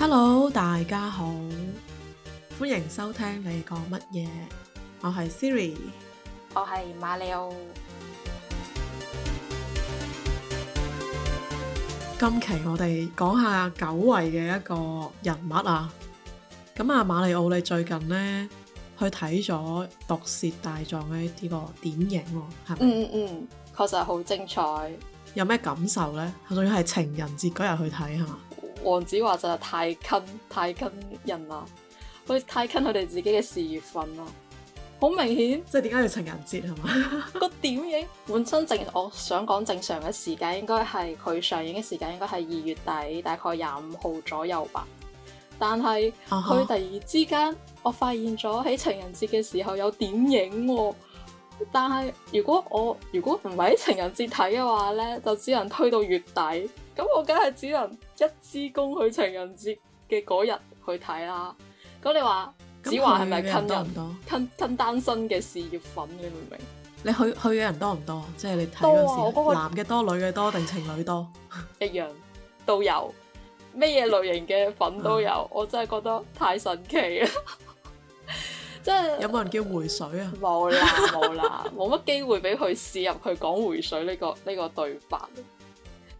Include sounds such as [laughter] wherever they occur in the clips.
Hello，大家好，歡迎收聽你講乜嘢？我係 Siri，我係馬里奧。今期我哋講下久違嘅一個人物啊。咁啊，馬里奧，你最近呢去睇咗《毒舌大狀》呢？呢個電影喎，嗯嗯嗯，確實好精彩。有咩感受呢？仲要係情人節嗰日去睇，係嘛？黃子華就係太近太近人啦，佢太近佢哋自己嘅事業份啦，好明顯。即係點解要情人節啊？個 [laughs] 點影本身正，我想講正常嘅時間應該係佢上映嘅時間應該係二月底，大概廿五號左右吧。但係佢、uh huh. 突然之間，我發現咗喺情人節嘅時候有點影、啊。但係如果我如果唔係喺情人節睇嘅話咧，就只能推到月底。咁我梗係只能一支公去情人節嘅嗰日去睇啦。咁你話子華係咪近人多近近單身嘅事業粉？你明唔明？你去去嘅人多唔多？即係你睇嗰陣時，男嘅多，女嘅多，定情侶多？一樣都有咩嘢類型嘅粉都有，啊、我真係覺得太神奇啊！即 [laughs] 係的有冇人叫回水啊？冇啦冇啦，冇乜機會俾佢試入去講回水呢、這個呢、這個對白。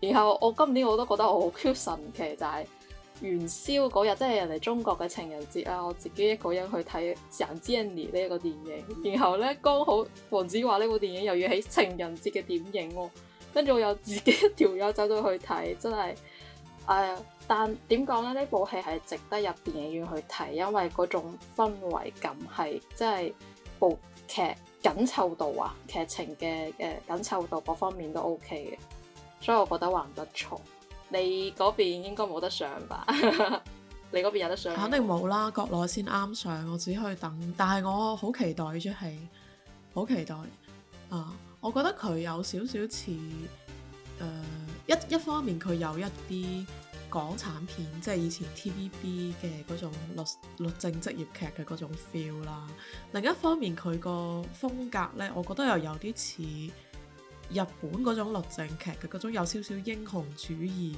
然後我今年我都覺得我好 q 神奇，就係、是、元宵嗰日，即係人哋中國嘅情人節啊！我自己一個人去睇《神之逆》呢一個電影，然後呢，剛好黃子華呢部電影又要喺情人節嘅點映喎，跟住我又自己一條友走咗去睇，真係、呃、但點講呢？呢部戲係值得入電影院去睇，因為嗰種氛圍感係真係部劇緊湊度啊，劇情嘅誒緊湊度各方面都 O K 嘅。所以我覺得還不錯，你嗰邊應該冇得上吧？ [laughs] 你嗰邊有得上？肯定冇啦，國內先啱上，我只可以等。但係我好期待，即係好期待啊！我覺得佢有少少似誒一、一方面，佢有一啲港產片，即係以前 TVB 嘅嗰種律律政職業劇嘅嗰種 feel 啦。另一方面，佢個風格呢，我覺得又有啲似，日本嗰種律政劇嘅嗰種有少少英雄主義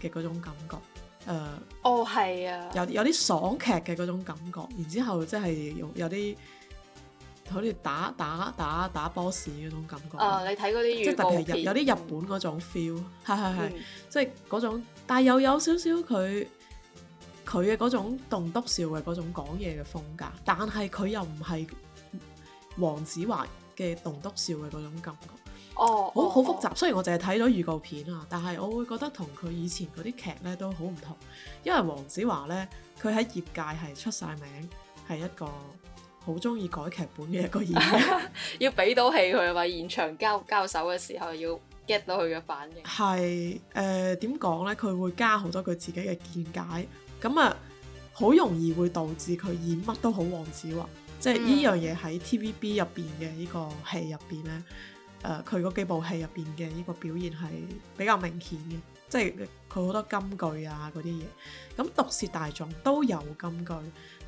嘅嗰種感覺，誒、呃、哦，係啊，有有啲爽劇嘅嗰種感覺，然之後即係有啲好似打打打打 boss 嗰種感覺啊、哦。你睇嗰啲即係特別係有啲日本嗰種 feel，係係係、嗯，即係嗰種，但係又有少少佢佢嘅嗰種棟篤笑嘅嗰種講嘢嘅風格，但係佢又唔係黃子華嘅棟篤笑嘅嗰種感覺。哦，好好、oh, oh, oh. 複雜。雖然我淨係睇咗預告片啊，但係我會覺得同佢以前嗰啲劇咧都好唔同。因為黃子華咧，佢喺業界係出晒名，係一個好中意改劇本嘅一個演員。 [laughs] 要俾到戲佢啊嘛，係咪現場交交手嘅時候要 get 到佢嘅反應。係誒點講咧？佢、呃、會加好多佢自己嘅見解，咁啊，好容易會導致佢演乜都好黃子華。Mm. 即係呢樣嘢喺 TVB 入邊嘅呢個戲入邊咧。誒佢嗰幾部戲入邊嘅呢個表現係比較明顯嘅，即係佢好多金句啊嗰啲嘢。咁《毒舌大狀》都有金句，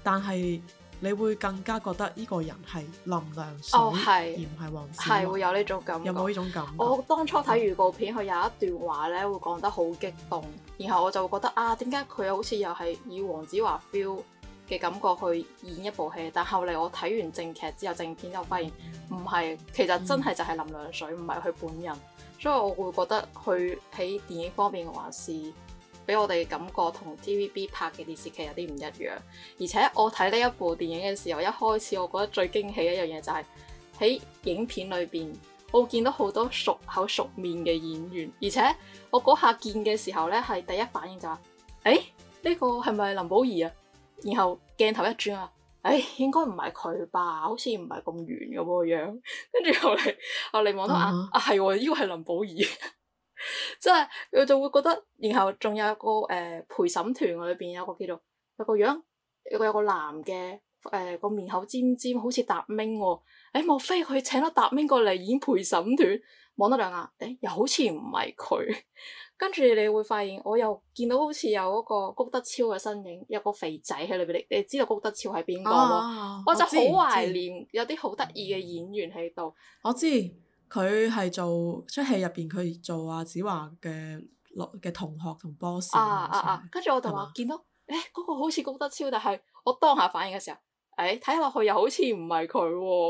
但係你會更加覺得呢個人係林涼水、哦、而唔係黃子華。係會有呢種感覺。有冇呢種感覺？有，有感覺。我當初睇預告片，佢有一段話咧會講得好激動，然後我就會覺得啊，點解佢好似又係以黃子華 feel？嘅感覺去演一部戲，但後嚟我睇完正劇之後、正片之後，發現唔係，其實真係就係林涼水，唔係佢本人。嗯、所以我會覺得佢喺電影方面嘅話，還是俾我哋嘅感覺同 T.V.B. 拍嘅電視劇有啲唔一樣。而且我睇呢一部電影嘅時候，一開始我覺得最驚喜一樣嘢就係、是、喺影片裏邊，我見到好多熟口熟面嘅演員。而且我嗰下見嘅時候呢，係第一反應就係、是，誒、欸、呢、這個係咪林保怡啊？然後。鏡頭一轉啊，哎，應該唔係佢吧？好似唔係咁圓嘅個、那個、樣。跟住後嚟，我嚟望多眼，uh huh. 啊係喎，呢個係林保怡。即係佢就會覺得，然後仲有一個誒、呃、陪審團裏邊有個叫做有個樣，有個有個男嘅誒個面口尖尖，好似達明喎、哦。哎，莫非佢請咗達明過嚟演陪審團？望多兩眼，哎，又好似唔係佢。跟住你會發現，我又見到好似有嗰個谷德超嘅身影，有個肥仔喺裏邊。你你知道谷德超係邊個？我就好懷念道有啲好得意嘅演員喺度、嗯。我知佢係做出戲入邊，佢做阿子華嘅落嘅同學同波士。啊啊啊！跟住嗎我就話吧見到，誒、欸、嗰、那個好似谷德超，但係我當下反應嘅時候，誒睇落去又好似唔係佢，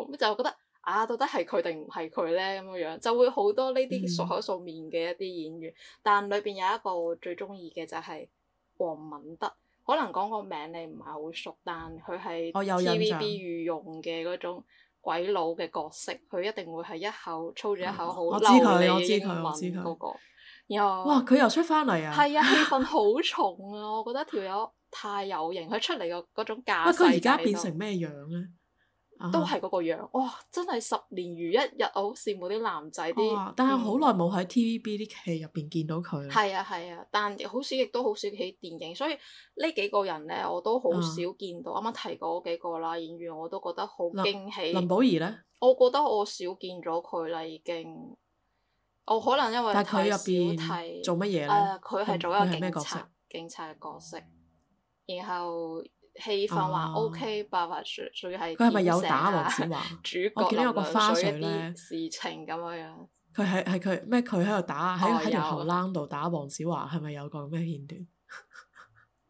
乜就覺得……啊，到底係佢定唔係佢呢？咁樣樣就會好多呢啲熟口熟面嘅一啲演員，嗯、但裏邊有一個我最中意嘅就係黃敏德，可能講個名你唔係好熟，但佢係 TVB 御用嘅嗰種鬼佬嘅角色，佢一定會係一口粗住一口好流利嘅英文嗰、那個。然後哇，佢又出翻嚟啊！係啊，氣氛好重啊！ [laughs] 我覺得條友太有型，佢出嚟個嗰種架勢、就是。佢而家變成咩樣呢？都係嗰個樣，哇！真係十年如一日，我好羨慕啲男仔啲。啊嗯、但係好耐冇喺 TVB 啲戲入邊見到佢。係啊係啊，但好似亦都好少喺電影，所以呢幾個人咧我都好少見到。啱啱、啊、提過嗰幾個啦演員，我都覺得好驚喜。呃、林保怡咧？我覺得我少見咗佢啦，已經。我可能因為太少睇做乜嘢咧？佢係、呃、做一個警察，嗯、警察嘅角色，然後。氣氛還 OK，但係屬屬於係，佢係咪有打黃子華？ [laughs] 主角有個花絮，啲事情咁樣樣。佢係係佢咩？佢喺度打喺喺條後啷度打黃子華，係咪有個咩、 [laughs] 哦、片段？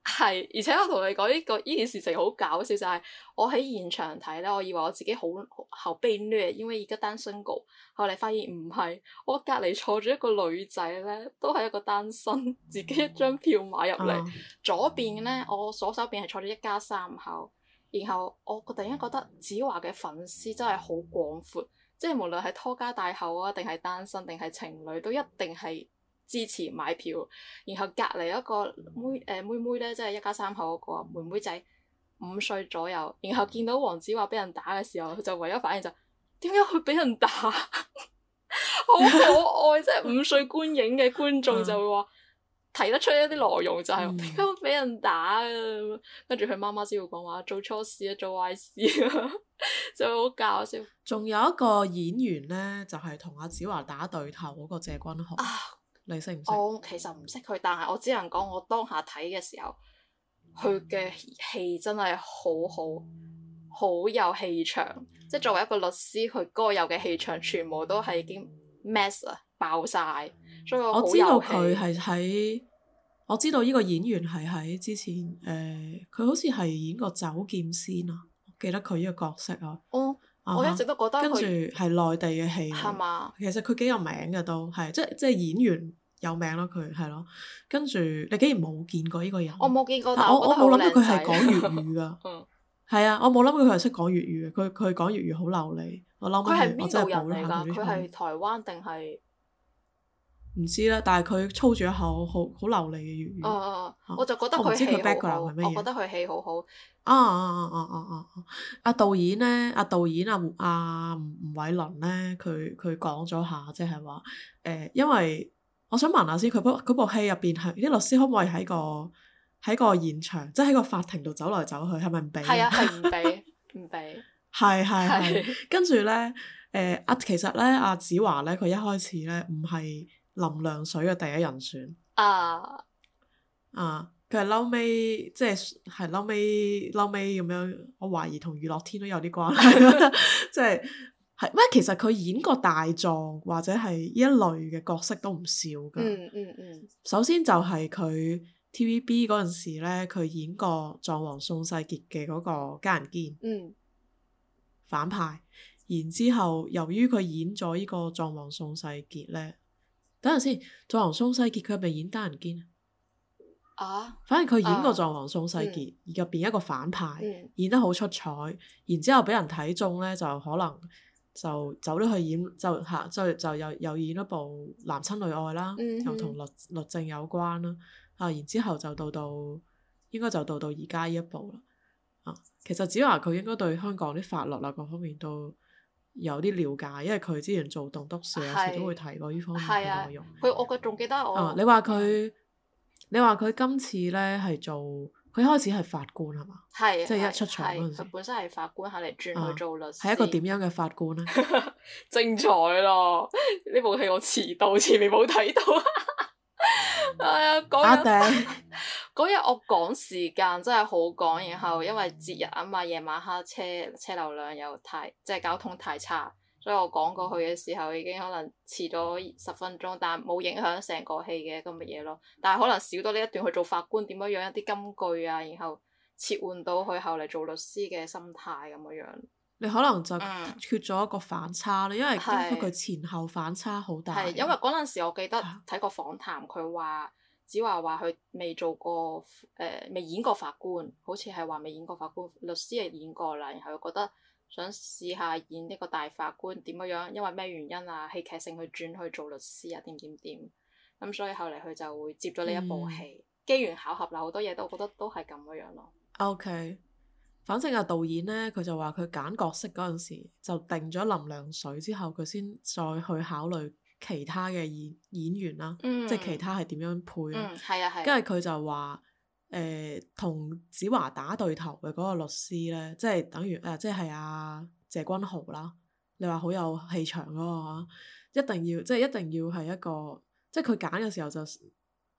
係，而且我同你講呢個呢件事情好搞笑，就係我喺現場睇呢，我以為我自己好被虐，因為而家單身狗。後嚟發現唔係，我隔離坐咗一個女仔呢都係一個單身，自己一張票買入嚟。左邊呢，我左手邊係坐咗一家三口，然後我突然間覺得子華嘅粉絲真係好廣闊，即係無論係拖家帶口啊，定係單身，定係情侶，都一定係。支持，買票，然後隔離一個妹誒、呃、妹妹咧，即係一家三口嗰個妹妹仔五歲左右。然後見到黃子華俾人打嘅時候，佢就唯一反應就點解會俾人打？ [laughs] 好可愛，即係 [laughs] 五歲觀影嘅觀眾就會話睇 [laughs] 得出一啲內容，就是，就係點解會俾人打啊！跟住佢媽媽先會講話做錯事啊，做壞事啊，事 [laughs] 就好搞笑。仲有一個演員咧，就係同阿子華打對頭嗰個謝君豪 [laughs] 你識唔識？我其實唔識佢，但係我只能講我當下睇嘅時候，佢嘅戲真係好好，好有氣場。即係作為一個律師，佢該有嘅氣場全部都係已經 mess 啊，爆晒。所以我知道佢係喺，我知道呢個演員係喺之前，誒、呃，佢好似係演個酒劍仙啊，我記得佢呢個角色啊。嗯 Uh-huh, 我一直都覺得，跟住係內地嘅戲，吧其實佢幾有名嘅都係，即係即係演員有名咯，佢係咯，跟住你竟然冇見過呢個人？我冇見過，但但我我冇諗到佢係講粵語噶？係啊， [laughs] 我冇諗到佢係識講粵語嘅，佢佢講粵語好流利， [laughs] 我諗佢係邊度人嚟㗎？佢係台灣定係？唔知啦，但係佢操住一口好好流利嘅粵語。哦哦，啊、我就覺得佢我唔知佢 background 係咩嘢。我覺得佢戲好好。啊啊啊啊，啊啊啊啊啊啊！阿導演咧，阿導演阿阿吳吳煒倫咧，佢佢講咗下，即係話誒，因為我想問下先，佢部部戲入邊係啲律師可唔可以喺個喺個現場，即係喺個法庭度走來走去，係咪唔俾？係啊，係唔俾，唔俾。係係係。跟住咧，誒啊，其實咧，阿子華咧，佢一開始咧唔係。林涼水嘅第一人選，啊啊！佢係嬲尾，即係係嬲尾嬲尾咁樣。我懷疑同余樂天都有啲關係，即係係。唔係其實佢演過大狀或者係呢一類嘅角色都唔少噶。嗯嗯嗯。首先就係佢 TVB 嗰陣時咧，佢演過狀王宋世傑嘅嗰個奸人堅，嗯，反派。然之後由於佢演咗呢個狀王宋世傑咧。等陣先，狀王宋世傑佢係咪演單人肩啊？反而佢演過狀王宋世傑，入邊、啊嗯、一個反派，嗯、演得好出彩。然之後俾人睇中咧，就可能就走咗去演，就吓，就就又又演一部男親女愛啦，嗯、哼又同律律政有關啦。啊，然之後就，就到到，應該就到到而家呢一部啦。啊，其實子華佢應該對香港啲法律啦，各方面都有啲了解，因為佢之前做棟篤笑，有是時都會提過呢方面嘅內容。佢、啊、我仲記得我。你話佢，你話佢今次咧係做，佢一開始係法官係嘛？係，即係一出場嗰陣時。本身係法官，下嚟是轉去做律師。係、啊、一個點樣嘅法官咧？精 [laughs] 彩咯！呢部戲我遲到，前面冇睇到。 [laughs] 係、哎、啊，嗰日嗰日我趕時間真係好趕，然後因為節日啊嘛，夜晚黑車車流量又太，即係交通太差，所以我趕過去嘅時候已經可能遲咗十分鐘，但冇影響成個戲嘅個乜嘢咯。但係可能少咗呢一段去做法官點樣樣一啲金句啊，然後切換到佢後嚟做律師嘅心態咁樣樣。佢可能就缺咗一個反差咧，因為佢是前後反差好大。係因為嗰陣時，我記得睇過訪談，佢話子華話佢未做過誒，未、呃、演過法官，好似係話未演過法官，律師係演過啦。然後覺得想試下演呢個大法官點樣，因為咩原因啊？戲劇性去轉去做律師啊，點點點。咁所以後嚟佢就會接咗呢一部戲，嗯、機緣巧合啦，好多嘢都我覺得都係咁樣咯。OK。反正啊，導演咧，佢就話佢揀角色嗰陣時就定咗林涼水之後，佢先再去考慮其他嘅演演員啦，嗯、即係其他係點樣配。嗯，啊，係、啊。跟住佢就話誒，同、呃、子華打對頭嘅嗰個律師咧，即係等於啊、呃，即係阿、啊、謝君豪啦。你話好有氣場嗰個、啊，一定要即係一定要係一個，即係佢揀嘅時候就。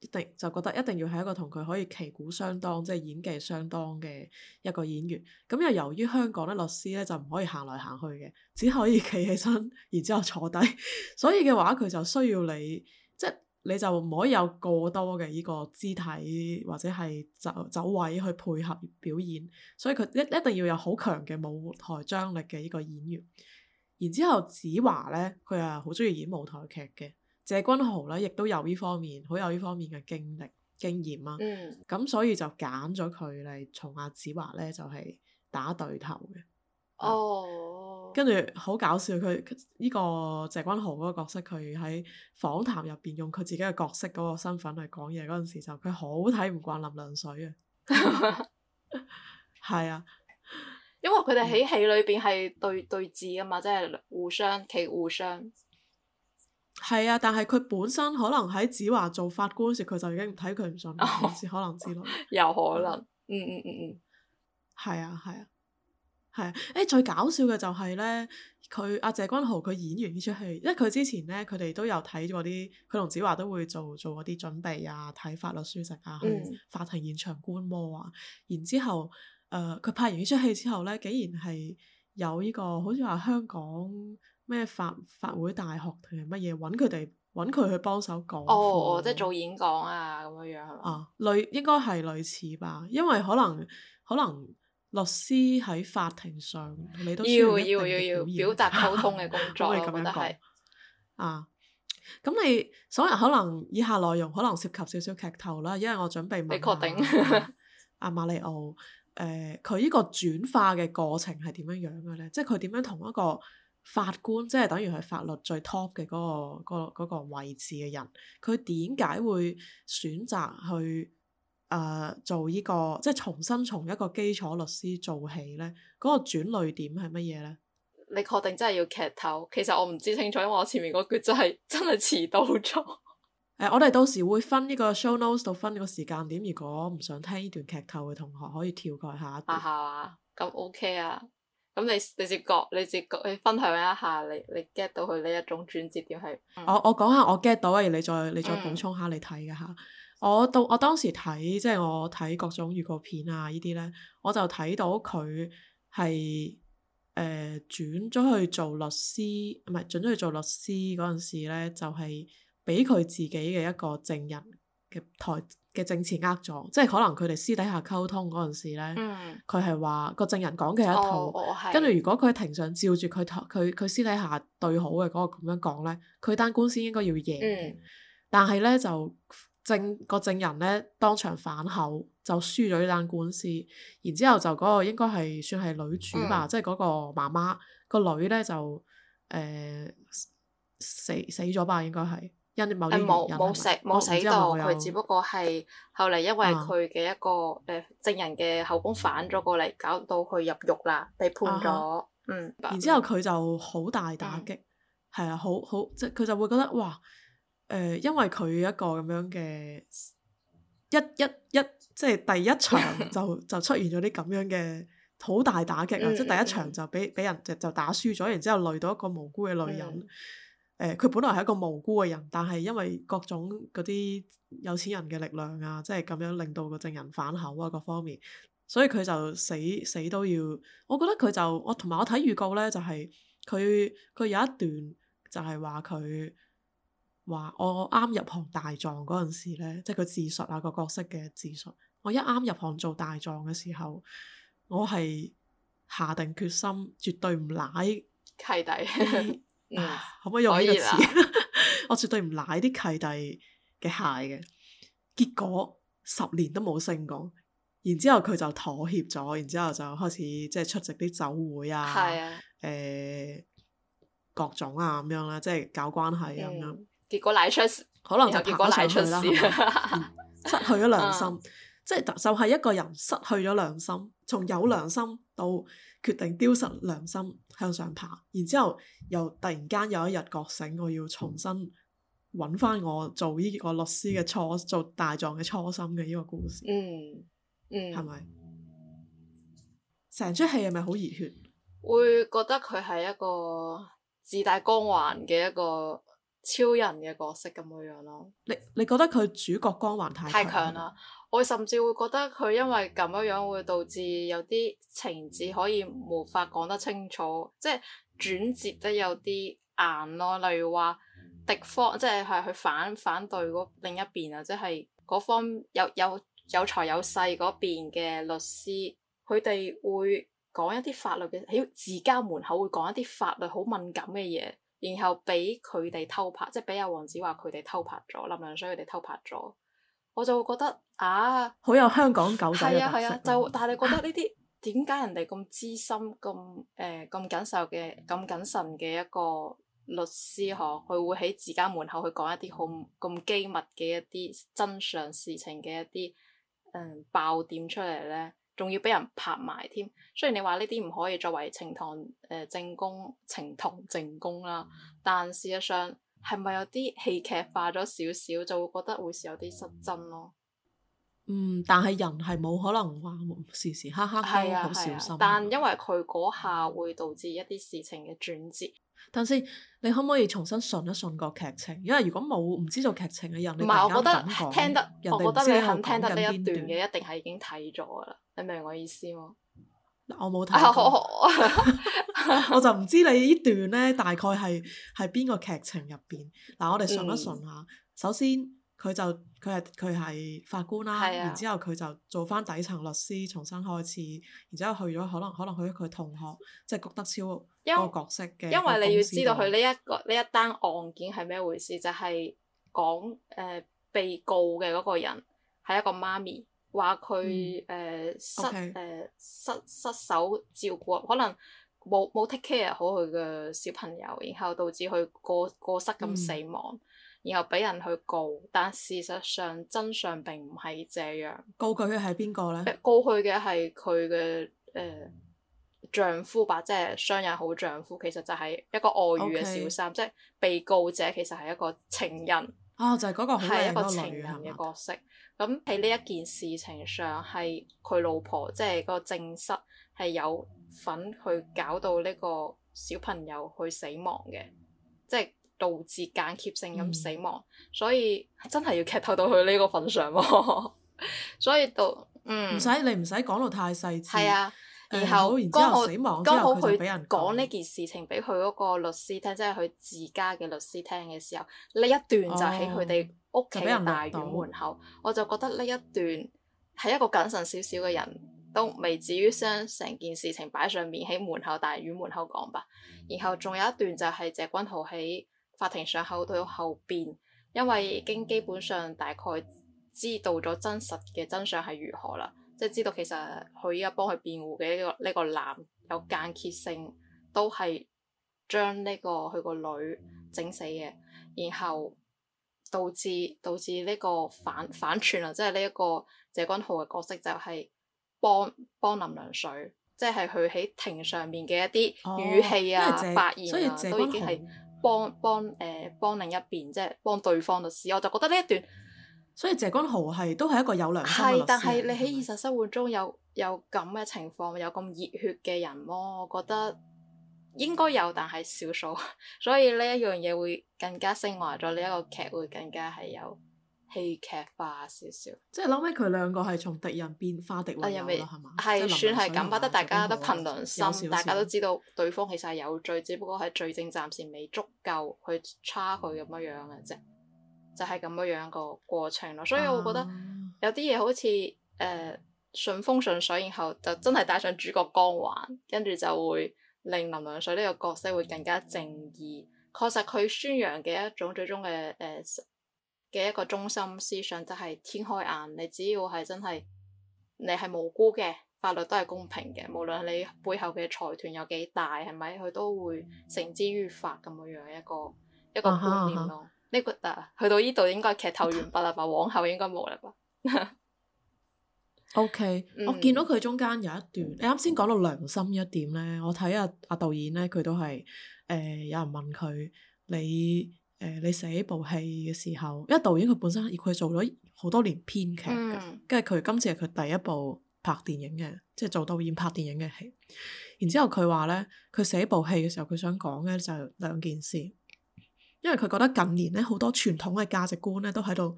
一定就覺得一定要係一個同佢可以旗鼓相當，即係演技相當嘅一個演員。咁又由於香港咧，律師咧就唔可以行來行去嘅，只可以企起身，然之後坐低。 [laughs] 所以嘅話，佢就需要你，即係你就唔可以有過多嘅呢個肢體或者係走走位去配合表演。所以佢一一定要有好強嘅舞台張力嘅呢個演員。然之後子華咧，佢係好中意演舞台劇嘅。謝君豪咧，亦都有呢方面，好有呢方面嘅經歷經驗啊。咁、嗯、所以就揀咗佢嚟，從阿子華咧，就係、是、打對頭嘅。哦，跟住好搞笑，佢呢個謝君豪嗰個角色，佢喺訪談入邊用佢自己嘅角色嗰個身份去講嘢嗰陣時，就佢好睇唔慣林涼水 [laughs] [laughs] 啊。係啊，因為佢哋喺戲裏邊係對對峙啊嘛，即係互相企互相。係啊，但係佢本身可能喺子華做法官時，佢就已經唔睇佢唔順，似、oh. 可能知類，有 [laughs] 可能，嗯嗯嗯嗯，係啊係啊，係誒、啊啊欸、最搞笑嘅就係、是、咧，佢阿、啊、謝君豪佢演完呢出戲，因為佢之前咧佢哋都有睇過啲，佢同子華都會做做嗰啲準備啊，睇法律書籍啊，嗯、去法庭現場觀摩啊，然後、呃、之後誒佢拍完呢出戲之後咧，竟然係有呢、這個好似話香港。咩法法會大學定係乜嘢？揾佢哋揾佢去幫手講哦，即係做演講啊，咁樣樣係嘛？啊，類應該係類似吧，因為可能可能律師喺法庭上，你都要，要要要嘅表達溝通嘅工作，咁 [laughs] 樣講。啊，咁你所以可能以下內容可能涉及少少劇透啦，因為我準備問肯定？阿、 [laughs] 啊、瑪利奧，誒、呃，佢呢個轉化嘅過程係點樣呢、就是、樣嘅咧？即係佢點樣同一個？法官即係等於係法律最 top 嘅嗰、那個、那個那個位置嘅人，佢點解會選擇去誒、呃、做呢、這個？即係重新從一個基礎律師做起咧，嗰、那個轉捩點係乜嘢咧？你確定真係要劇透？其實我唔知清楚，因為我前面嗰句真係真係遲到咗。誒、 [laughs] 啊，我哋到時會分呢個 show notes 到分個時間點，如果唔想聽呢段劇透嘅同學，可以跳過下一啊。啊，下啊，咁 OK 啊。咁你你直接，你直接去分享一下，你你 get 到佢呢一種轉折點係、嗯？我我講下我 get 到，而你再你再補充下你睇嘅吓。嗯、我到我當時睇，即係我睇各種預告片啊呢啲咧，我就睇到佢係誒轉咗去做律師，唔係轉咗去做律師嗰陣時咧，就係俾佢自己嘅一個證人。台嘅政治呃咗，即係可能佢哋私底下溝通嗰陣時咧，佢係話個證人講嘅一套，跟住、哦、如果佢喺庭上照住佢台佢佢私底下對好嘅嗰個咁樣講咧，佢單官司應該要贏，嗯、但係咧就證個證人咧當場反口就輸咗呢單官司，然之後就嗰個應該係算係女主吧，即係嗰個媽媽個女咧就誒、呃、死死咗吧，應該係。冇冇死冇死到佢，只不過係後嚟因為佢嘅一個誒證人嘅口供反咗過嚟，搞到佢入獄啦，被判咗。啊、哈嗯，然之後佢就好大打擊，係、嗯、啊，好好即佢就會覺得哇誒、呃，因為佢一個咁樣嘅一一一即係、就是、第一場就就出現咗啲咁樣嘅好大打擊啊！即係第一場就俾俾人就就打輸咗，然之後累到一個無辜嘅女人。嗯嗯。誒，佢、呃、本來係一個無辜嘅人，但係因為各種嗰啲有錢人嘅力量啊，即係咁樣令到個證人反口啊，各方面，所以佢就死死都要。我覺得佢就我同埋我睇預告呢，就係佢佢有一段就係話佢話我啱入行大狀嗰陣時咧，即係佢自述啊、嗰個角色嘅自述。我一啱入行做大狀嘅時候，我係下定決心，絕對唔賴契弟低。 [laughs] 可唔、 [music] 啊、可以用呢個詞？ [laughs] 我絕對唔舐啲契弟嘅鞋嘅。結果十年都冇升過，然之後佢就妥協咗，然之後就開始即係出席啲酒會啊，誒、 [music] 啊、各種啊咁樣啦，即係搞關係咁樣，嗯。結果舐出可能就結果舐出事 [laughs] 失去咗良心，即係就就係一個人失去咗良心，從有良心到。決定丟失良心向上爬，然之後又突然間有一日覺醒，我要重新揾翻我做呢個律師嘅初做大狀嘅初心嘅呢個故事。嗯，嗯、係咪？成出戲係咪好熱血？會覺得佢係一個自帶光環嘅一個超人嘅角色咁嘅樣咯。你你覺得佢主角光環太強啦？太強。我甚至會覺得佢因為咁樣樣會導致有啲情節可以無法講得清楚，即係轉折得有啲硬咯、哦。例如話敵方，即係係佢反反對嗰另一邊啊，即係嗰方有有有財有,有勢嗰邊嘅律師，佢哋會講一啲法律嘅喺自家門口會講一啲法律好敏感嘅嘢，然後俾佢哋偷拍，即係俾阿黃子華佢哋偷拍咗，林涼水所以佢哋偷拍咗。我就會覺得啊，好有香港狗仔嘅特色。就但係你覺得呢啲點解人哋咁資深、咁誒、咁、呃、謹慎嘅、咁謹慎嘅一個律師呵，佢會喺自家門口去講一啲好咁機密嘅一啲真相事情嘅一啲嗯、呃、爆點出嚟呢？仲要俾人拍埋添。雖然你話呢啲唔可以作為呈堂誒證供呈堂證供啦，但事實上。係咪有啲戲劇化咗少少，就會覺得會有啲失真咯？嗯，但係人係冇可能話時時刻刻都好小心、啊啊。但因為佢嗰下會導致一啲事情嘅轉折。但是你可唔可以重新順一順個劇情？因為如果冇唔知道劇情嘅人，你唔係我覺得聽得，我覺得你肯聽得呢一段嘅，一,一定係已經睇咗噶啦。你明我意思嗎？我冇睇、啊、 [laughs] 我就唔知你呢段呢大概係係邊個劇情入邊。嗱、啊，我哋順，順一順下。嗯、首先佢就佢係佢係法官啦，嗯、然之後佢就做返底層律師，重新開始，然之後去咗可能可能去咗佢同學即係郭德超嗰為個角色嘅。因為你要知道佢呢一個呢一單案件係咩回事，就係、是、講、呃、被告嘅嗰個人係一個媽咪。話佢誒失誒 Okay.、呃、失失手照顧，可能冇冇 take care 好佢嘅小朋友，然後導致佢過過失咁死亡，嗯、然後俾人去告，但事實上真相並唔係這樣。告佢嘅係邊個呢？告佢嘅係佢嘅誒丈夫吧，即係雙人好丈夫，其實就係一個外遇嘅小三，Okay. 即係被告者其實係一個情人。啊、哦！就係、是、嗰個係一個情人嘅角色，咁喺呢一件事情上係佢老婆，即、就、係、是、個正室，係有份去搞到呢個小朋友去死亡嘅，即、就、係、是、導致間歇性咁死亡，嗯、所以真係要劇透到佢呢個份上咯。 [laughs] 所以到唔使、嗯、你唔使講到太細緻。係啊。然後，剛好，剛好，佢講呢件事情俾佢嗰個律師聽，即係佢自家嘅律師聽嘅時候，呢一段就喺佢哋屋企大院門口，就我就覺得呢一段係一個謹慎少少嘅人都未至於將成件事情擺上面喺門口大院門口講吧。然後仲有一段就係謝君豪喺法庭上口對後邊，因為已經基本上大概知道咗真實嘅真相係如何啦。即係知道其實佢依家幫佢辯護嘅呢個呢個男有間歇性，都係將呢個佢個女整死嘅，然後導致導致呢個反反串啊！即係呢一個謝君豪嘅角色就係幫幫林涼水，即係佢喺庭上面嘅一啲語氣啊、哦、發言啊，都已經係幫幫誒、呃、幫另一邊，即係幫對方律師。我就覺得呢一段。所以謝君豪係都係一個有良心嘅律師。但係你喺現實生活中有有咁嘅情況，有咁熱血嘅人麼？我覺得應該有，但係少數。所以呢一樣嘢會更加升華咗，呢一個劇會更加係有戲劇化少少。即係諗起佢兩個係從敵人變化敵人啦，係嘛？係算係咁，覺得大家都憑良心，大家都知道對方其實係有罪，只不過係罪證暫時未足夠去 charge 佢咁樣樣嘅啫。就係咁樣樣一個過程咯，所以我覺得有啲嘢好似誒、呃、順風順水，然後就真係帶上主角光環，跟住就會令林涼水呢個角色會更加正義。確實佢宣揚嘅一種最終嘅誒嘅一個中心思想，就係天開眼，你只要係真係你係無辜嘅，法律都係公平嘅，無論你背後嘅財團有幾大，係咪佢都會繩之於法咁樣樣一個一個觀念咯。啊啊啊你覺得，去到呢度應該劇透完畢啦吧，往後應該冇啦吧。 [laughs] OK，、嗯、我見到佢中間有一段。嗯、你啱先講到良心一點咧，我睇下阿導演咧，佢都係誒、呃、有人問佢你誒、呃、你寫部戲嘅時候，因為導演佢本身佢做咗好多年編劇嘅，跟住佢今次係佢第一部拍電影嘅，即係做導演拍電影嘅戲。然之後佢話咧，佢寫部戲嘅時候，佢想講嘅就兩件事。因為佢覺得近年咧好多傳統嘅價值觀咧都喺度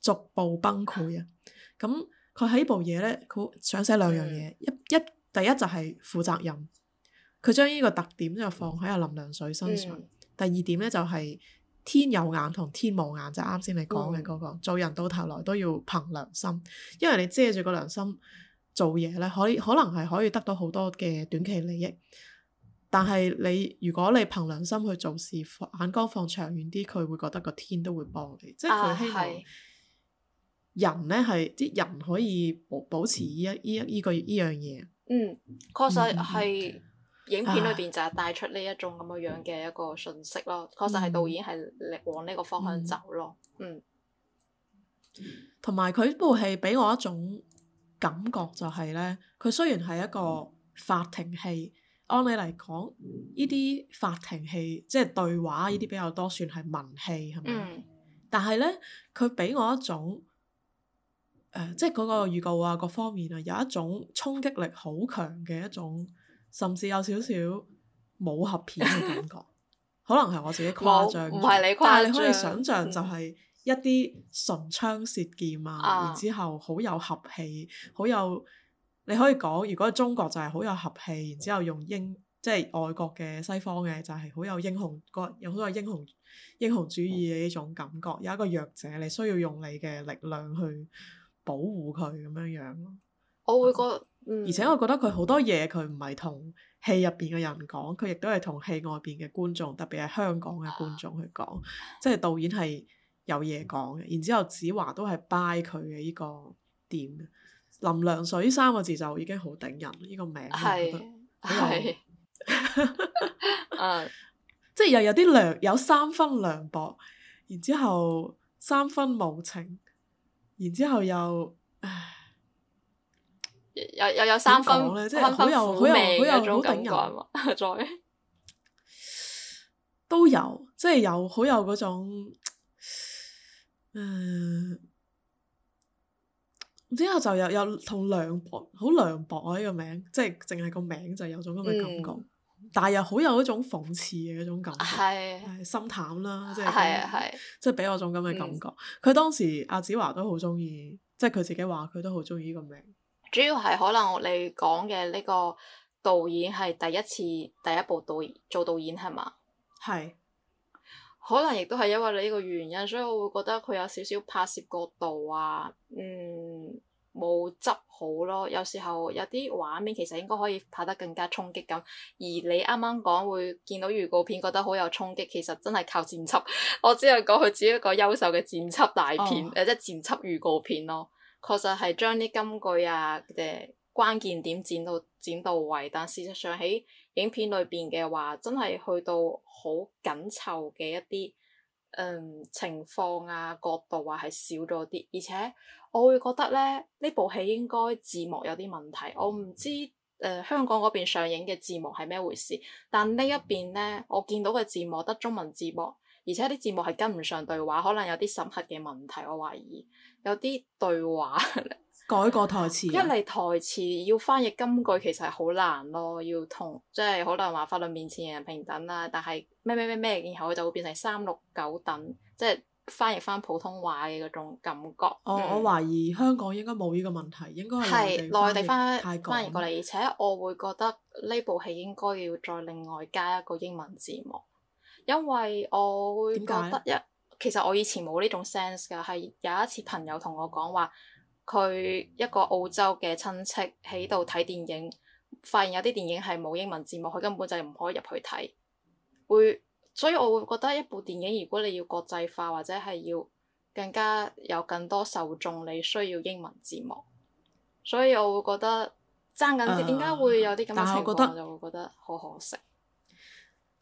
逐步崩潰啊！咁佢喺部嘢咧，佢想寫兩樣嘢，嗯、一一第一就係負責任，佢將呢個特點就放喺阿林涼水身上。嗯、第二點咧就係、是、天有眼同天無眼，就啱先你講嘅嗰個，嗯、做人到頭來都要憑良心，因為你遮住個良心做嘢咧，可以可能係可以得到好多嘅短期利益。但係你，如果你憑良心去做事，眼光放長遠啲，佢會覺得個天都會幫你，即係佢希望人咧係啲人可以保保持呢一呢呢個呢樣嘢。嗯，確實係影片裏邊就係帶出呢一種咁嘅樣嘅一個信息咯。啊、確實係導演係嚟往呢個方向走咯，嗯。嗯，同埋佢部戲俾我一種感覺就係、是、咧，佢雖然係一個法庭戲。按理嚟講，呢啲法庭戲即係對話，呢啲比較多算係文戲，係咪？嗯、但係咧，佢俾我一種誒、呃，即係嗰個預告啊，各方面啊，有一種衝擊力好強嘅一種，甚至有少少武俠片嘅感覺。 [laughs] 可能係我自己誇張。冇，唔係你誇張。但係你可以想象，就係一啲唇槍舌劍啊，嗯、啊然之後好有俠氣，好有。你可以講，如果中國就係好有俠氣，然之後用英即係外國嘅西方嘅就係、是、好有英雄有好多英雄英雄主義嘅呢種感覺。有一個弱者，你需要用你嘅力量去保護佢咁樣樣咯。我會覺得，嗯、而且我覺得佢好多嘢佢唔係同戲入邊嘅人講，佢亦都係同戲外邊嘅觀眾，特別係香港嘅觀眾去講。啊、即係導演係有嘢講嘅，然之後子華都係 buy 佢嘅呢個點。林涼水三個字就已經好頂人，呢、這個名是我覺得，係，即係又有啲涼，有三分涼薄，然之後三分無情，然之後又，又又有三分，即係好有好有好有好 [laughs] 頂人，再都有，即係有好有嗰種，呃之後就有又同涼薄好涼薄啊！呢個名即係淨係個名就有種咁嘅感覺，嗯、但係又好有一種諷刺嘅一種感覺，心、嗯、淡啦，即係、嗯、即係俾我種咁嘅感覺。佢、嗯、當時阿子華都好中意，即係佢自己話佢都好中意呢個名。主要係可能你講嘅呢個導演係第一次第一部導演做導演係嘛？係。可能亦都係因為你呢個原因，所以我會覺得佢有少少拍攝角度啊，嗯，冇執好咯。有時候有啲畫面其實應該可以拍得更加衝擊感。而你啱啱講會見到預告片，覺得好有衝擊，其實真係靠剪輯。 [laughs] 我只係講佢只一個優秀嘅剪輯大片，誒、嗯呃，即係剪輯預告片咯。確實係將啲金句啊嘅關鍵點剪到剪到位，但事實上喺影片裏邊嘅話，真係去到好緊湊嘅一啲嗯情況啊、角度啊係少咗啲，而且我會覺得咧呢部戲應該字幕有啲問題，我唔知誒、呃、香港嗰邊上映嘅字幕係咩回事，但呢一邊呢，我見到嘅字幕得中文字幕，而且啲字幕係跟唔上對話，可能有啲審核嘅問題，我懷疑有啲對話。 [laughs] 改個台詞、啊、台詞，一嚟台詞要翻譯金句，其實好難咯。要同即係好多人話法律面前人人平等啦，但係咩咩咩咩，然後佢就會變成三六九等，即係翻譯翻普通話嘅嗰種感覺。哦嗯、我懷疑香港應該冇呢個問題，應該係內地翻翻譯過嚟，而且我會覺得呢部戲應該要再另外加一個英文字幕，因為我會覺得一其實我以前冇呢種 sense 㗎，係有一次朋友同我講話。佢一個澳洲嘅親戚喺度睇電影，發現有啲電影係冇英文字幕，佢根本就唔可以入去睇。會，所以我會覺得一部電影如果你要國際化或者係要更加有更多受眾，你需要英文字幕。所以我會覺得爭緊啲點解會有啲咁嘅情況，我就會、呃、覺得好可惜。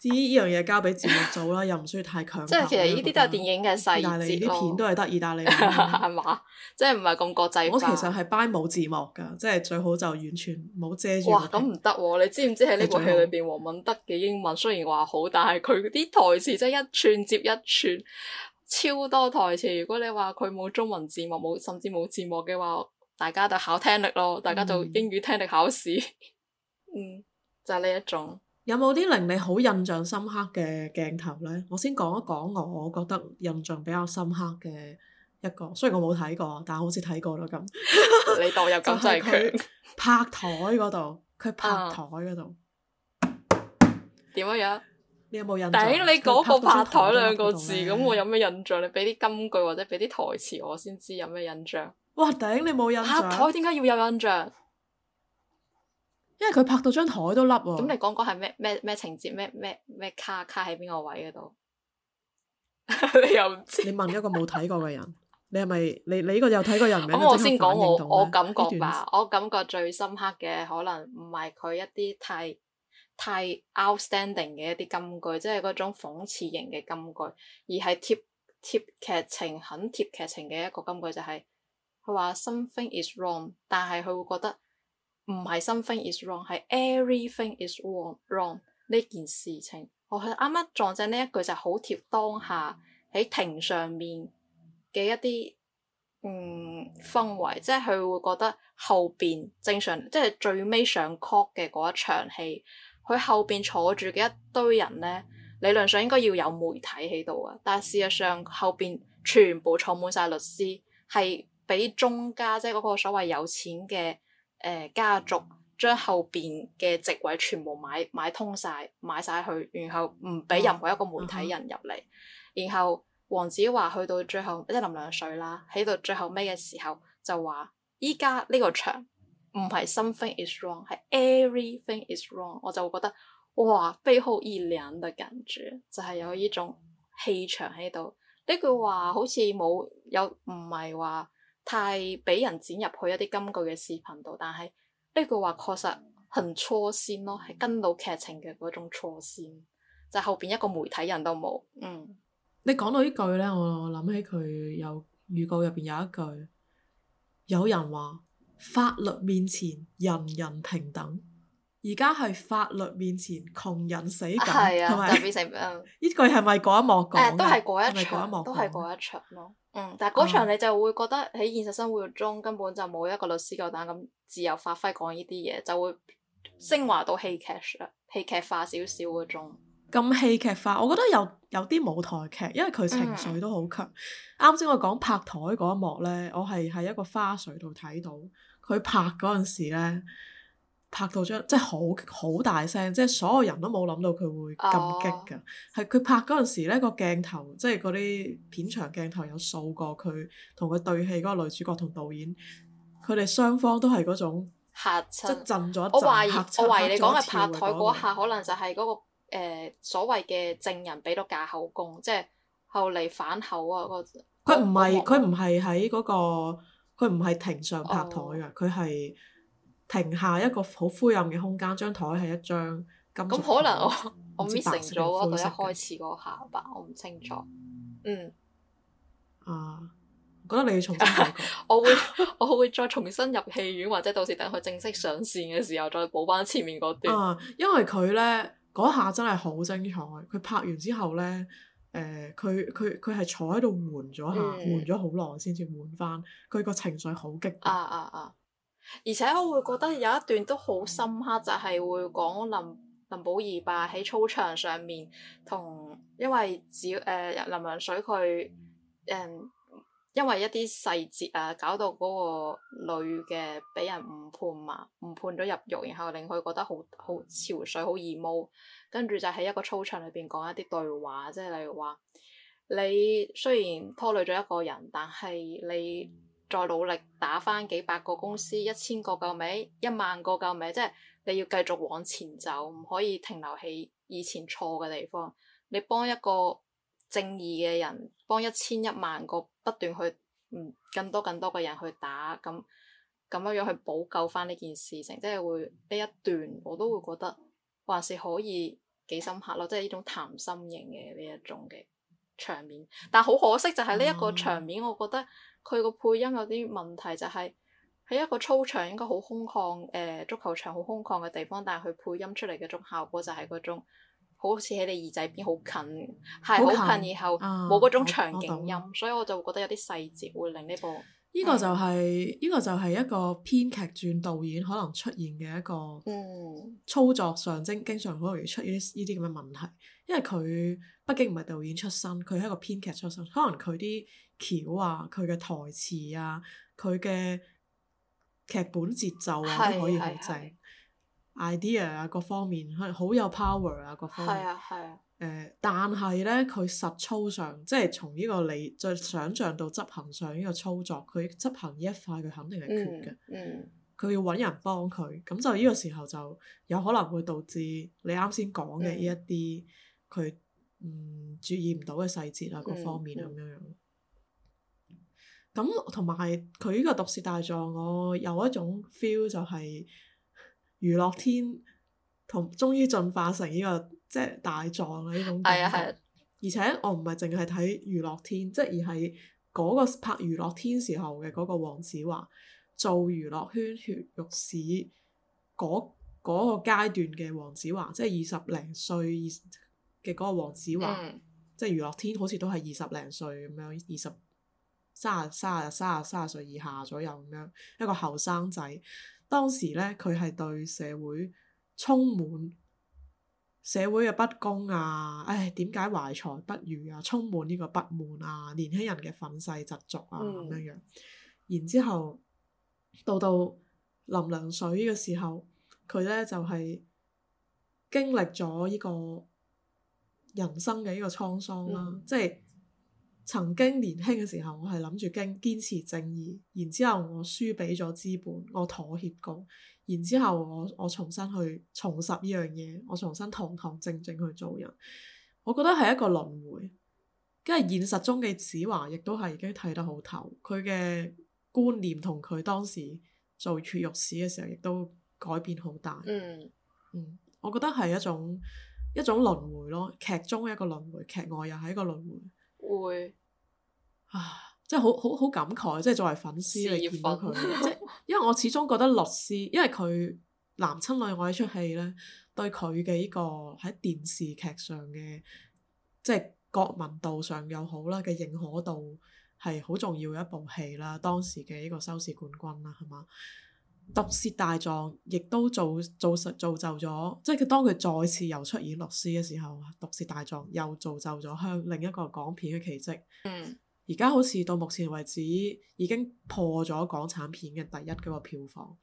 呢依樣嘢交俾字幕組啦，又唔需要太強。即係其實呢啲都係電影嘅細節。意大利啲片都係得意大利人。係嘛 [laughs] [laughs] 即係唔係咁國際化？我其實係班冇字幕㗎，即係最好就完全冇遮住。哇！咁唔得喎，你知唔知喺呢部戲裏邊，王敏德嘅英文雖然話好，但係佢啲台詞真係一串接一串，超多台詞。如果你話佢冇中文字幕，冇甚至冇字幕嘅話，大家就考聽力咯，大家就英語聽力考試。嗯， [laughs] 嗯，就係呢一種。有冇啲令你好印象深刻嘅鏡頭呢？我先講一講，我覺得印象比較深刻嘅一個。雖然我冇睇過，但係我好似睇過咯咁。你代入感真係佢拍台嗰度，佢 [laughs] 拍台嗰度。點、嗯、啊樣？你有冇印象？頂你嗰個拍台兩個字，咁我 [laughs] 有咩印象？ [laughs] 你俾啲金句或者俾啲台詞，我先知有咩印象。哇！頂你冇印象，拍台點解要有印象？因為佢拍到張台都凹喎。咁你講講係咩咩咩情節咩咩咩卡卡喺邊個位嗰度？ [laughs] 你又唔知？你問一個冇睇過嘅人， [laughs] 你係咪你你個呢個有睇過人嘅？咁我先講我我感覺吧，我感覺最深刻嘅可能唔係佢一啲太太 outstanding 嘅一啲金句，即係嗰種諷刺型嘅金句，而係貼貼劇情、很貼劇情嘅一個金句，就是，就係佢話 something is wrong，但係佢會覺得。唔係 something is wrong，係 everything is wrong 呢件事情，我係啱啱撞正呢一句就好貼當下喺庭上面嘅一啲嗯氛圍，即係佢會覺得後邊正常，即係最尾上 court 嘅嗰一場戲，佢後邊坐住嘅一堆人呢，理論上應該要有媒體喺度啊，但係事實上後邊全部坐滿晒律師，係俾中家即係嗰個所謂有錢嘅。誒家族將後邊嘅席位全部買買通晒，買晒佢，然後唔俾任何一個媒體人入嚟。Uh huh. 然後黃子華去到最後一係林涼水啦，喺到最後尾嘅時候就話：依家呢個場唔係 something is wrong，係 everything is wrong。我就會覺得哇，背後一涼嘅感覺，就係、是、有呢種氣場喺度。呢句話好似冇有唔係話。太俾人剪入去一啲金句嘅視頻度，但係呢句話確實很錯線咯，係跟到劇情嘅嗰種錯線，就是、後邊一個媒體人都冇。嗯，你講到呢句呢，我我諗起佢有預告入邊有一句，有人話法律面前人人平等。而家係法律面前窮人死梗，係咪呢句係咪嗰一幕講？誒、哎，都係嗰一幕，都係嗰一場咯。但係嗰場你就會覺得喺現實生活中根本就冇一個律師夠膽咁自由發揮講呢啲嘢，就會昇華到戲劇啦，戲劇化少少嗰種。咁戲劇化，我覺得有有啲舞台劇，因為佢情緒都好強。啱先、嗯、我講拍台嗰一幕呢，我係喺一個花絮度睇到佢拍嗰陣時咧。拍到張即係好好大聲，即係所有人都冇諗到佢會咁激㗎。係佢拍嗰陣時咧，個鏡頭即係嗰啲片場鏡頭有數過佢同佢對戲嗰個女主角同導演，佢哋雙方都係嗰種嚇親，即係震咗一陣。我懷疑你講嘅拍台嗰下，可能就係嗰個誒所謂嘅證人俾到假口供，即係後嚟反口啊個。佢唔係佢唔係喺嗰個，佢唔係庭上拍台嘅，佢係，停下一個好灰暗嘅空間，張台係一張金色咁，可能我知我 miss 成咗嗰個一開始嗰下吧，我唔清楚。嗯，啊，覺得你要重新 [laughs] 我會，我會再重新入戲院，或者到時等佢正式上線嘅時候再補翻前面嗰段。啊，因為佢咧嗰下真係好精彩。佢拍完之後咧，誒、呃，佢佢佢係坐喺度緩咗下，緩咗好耐先至緩翻。佢個情緒好激啊啊啊！啊啊而且我會覺得有一段都好深刻，就係、是、會講林林保怡吧喺操場上面同，因為小誒、呃、林良水佢誒、嗯，因為一啲細節啊，搞到嗰個女嘅俾人誤判嘛，誤判咗入獄，然後令佢覺得好好潮水好醜惡，跟住就喺一個操場裏邊講一啲對話，即、就、係、是、例如話，你雖然拖累咗一個人，但係你。再努力打返幾百個公司，一千個夠未？一萬個夠未？即係你要繼續往前走，唔可以停留喺以前錯嘅地方。你幫一個正義嘅人，幫一千一萬個不斷去嗯更多更多嘅人去打，咁咁樣樣去補救返呢件事情，即係會。呢一段我都會覺得還是可以幾深刻囉，即係呢種談心型嘅呢一種嘅。場面，但好可惜就係呢一個場面，嗯、我覺得佢個配音有啲問題，就係喺一個操場應該好空曠，誒、呃、足球場好空曠嘅地方，但係佢配音出嚟嘅種效果就係嗰種好似喺你耳仔邊好近，係好近，近嗯、然後冇嗰種場景音，嗯、所以我就會覺得有啲細節會令呢部，呢個就係、是、呢、嗯、個就係一個編劇轉導演可能出現嘅一個操作上徵，經常好容易出現呢啲咁嘅問題。因為佢畢竟唔係導演出身，佢係一個編劇出身。可能佢啲橋啊，佢嘅台詞啊，佢嘅劇本節奏啊都係可以好正。idea 啊，各方面可能好有 power 啊，各方面。係啊係啊。誒、呃，但係咧，佢實操上，即係從呢個你再想像到執行上呢個操作，佢執行呢一塊，佢肯定係缺㗎，嗯。嗯。佢要揾人幫佢，咁就呢個時候就有可能會導致你啱先講嘅呢一啲。嗯佢唔、嗯、注意唔到嘅細節啊，各方面咁樣樣。咁同埋佢呢個毒舌大狀，我有一種 feel 就係、是、余樂天同終於進化成呢、這個即係大狀嘅呢種感覺。哎、而且我唔係淨係睇余樂天，即係而係嗰個拍余樂天時候嘅嗰個黃子華做娛樂圈血肉史嗰嗰個階段嘅黃子華，即係二十零歲。嘅嗰個黃子華，Yeah. 即係余樂天，好似都係二十零歲咁樣，二十三啊三啊三啊三啊歲以下左右咁樣一個後生仔。當時咧，佢係對社會充滿社會嘅不公啊，唉，點解懷才不遇啊？充滿呢個不滿啊，年輕人嘅憤世嫉俗啊咁樣樣。Mm. 然之後到到林涼水嘅時候，佢咧就係、是、經歷咗呢個，人生嘅呢個滄桑啦、啊，嗯、即係曾經年輕嘅時候，我係諗住堅堅持正義，然之後我輸俾咗資本，我妥協過，然之後我我重新去重拾呢樣嘢，我重新堂堂正正去做人。我覺得係一個輪迴，跟住現實中嘅子華亦都係已經睇得好透，佢嘅觀念同佢當時做血肉史嘅時候亦都改變好大。嗯，嗯，我覺得係一種，一種輪迴咯，劇中一個輪迴，劇外又係一個輪迴。會啊，即係好好好感慨，即係作為粉絲嚟私 見到佢， [laughs] 即因為我始終覺得律師，因為佢男親女愛呢出戲咧，對佢嘅呢個喺電視劇上嘅，即係國民度上又好啦嘅認可度係好重要嘅一部戲啦，當時嘅呢個收視冠軍啦，係嘛？《毒舌大狀》亦都造造造就咗，即係佢當佢再次又出現律師嘅時候，《毒舌大狀》又造就咗向另一個港片嘅奇迹。嗯，而家好似到目前為止已經破咗港產片嘅第一嗰個票房，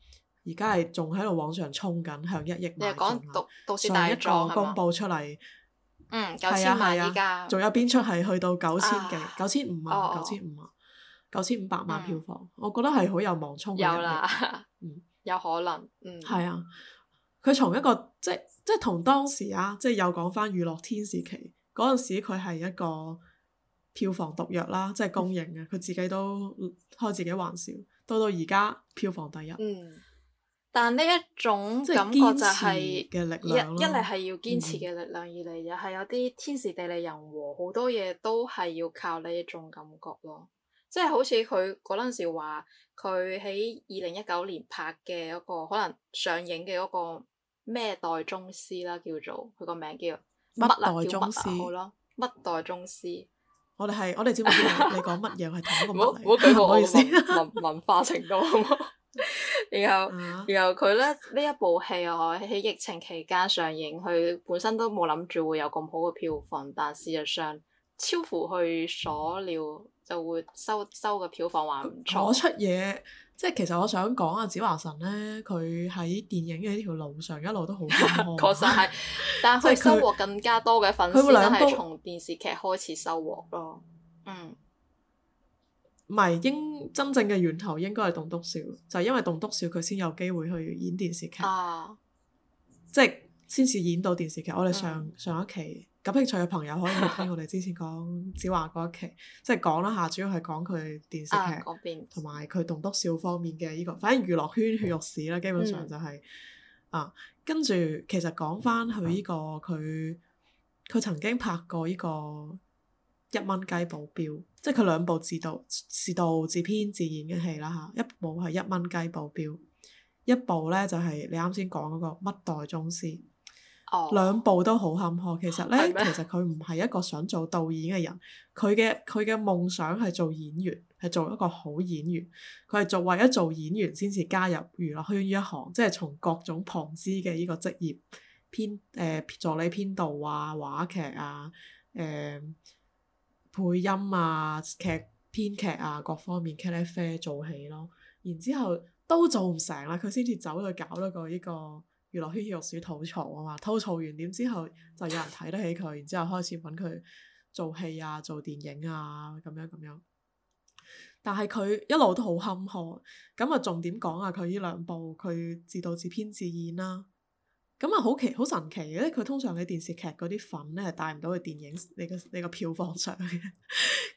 而家係仲喺度往上衝緊向一億。你又講《毒毒舌大狀》一公布出嚟，嗯，九千萬而仲、啊啊、在有邊出係去到九千幾？九千五萬？九千五啊？九千五百萬票房，嗯、我覺得係好有望衝嘅。有啦。有可能，嗯，係啊，佢從一個即係即係同當時啊，即係又講翻余樂天時期嗰陣時，佢係一個票房毒藥啦，即係公認嘅，佢自己都開自己玩笑，到到而家票房第一，嗯，但呢一種感覺就係嘅力量，一，一嚟係要堅持嘅力量，二嚟又係有啲天時地利人和，好多嘢都係要靠呢一種感覺咯，即係好似佢嗰陣時話。佢喺二零一九年拍嘅一、嗰個，可能上映嘅一個咩代宗師啦、啊，叫做佢個名叫乜代宗師，啊、好乜代宗師。 [laughs] 我哋係我哋知唔知你講乜嘢？係同一個問題。唔好唔好意思、啊，文文化程度。好。然後然後佢咧呢 [laughs] 一部戲哦喺疫情期間上映，佢本身都冇諗住會有咁好嘅票房，但事實上超乎佢所料。 [laughs] 就會收收嘅票房還唔錯。我出嘢，即係其實我想講阿子華神咧，佢喺電影嘅呢條路上一路都好坎坷，確 [laughs] 實係。但係佢收穫更加多嘅粉絲，真係從電視劇開始收穫咯。哦、嗯，唔係應真正嘅源頭應該係棟篤笑，就係、因為棟篤笑佢先有機會去演電視劇。啊，即係先至演到電視劇。我哋上、嗯、上一期。感興趣嘅朋友可以聽我哋之前講子華嗰一期， [laughs] 即係講一下，主要係講佢電視劇，同埋佢棟篤笑方面嘅呢、這個。反正娛樂圈血肉史啦，基本上就係、是嗯、啊，跟住其實講翻佢呢個佢佢曾經拍過呢個一蚊雞保鏢，即係佢兩部自導自導自編自演嘅戲啦嚇、啊，一部係一蚊雞保鏢，一部咧就係、是、你啱先講嗰個乜代宗師。哦、兩部都好坎坷，其實咧，嗎其實佢唔係一個想做導演嘅人，佢嘅佢嘅夢想係做演員，係做一個好演員，佢係做為咗做演員先至加入娛樂圈呢一行，即係從各種旁支嘅呢個職業編誒、呃、助理編導啊、話劇啊、誒、呃、配音啊、劇編劇啊各方面茄喱啡做起咯，然之後都做唔成啦，佢先至走去搞咗個呢個。娛樂圈肉鼠吐槽啊嘛，吐槽完點之後就有人睇得起佢，然之後開始揾佢做戲啊、做電影啊咁樣咁樣。但係佢一路都好坎坷，咁啊重點講下佢呢兩部，佢自導自編自演啦、啊。咁啊好奇好神奇嘅，佢通常喺電視劇嗰啲粉呢，係帶唔到佢電影，你個你個票房上嘅。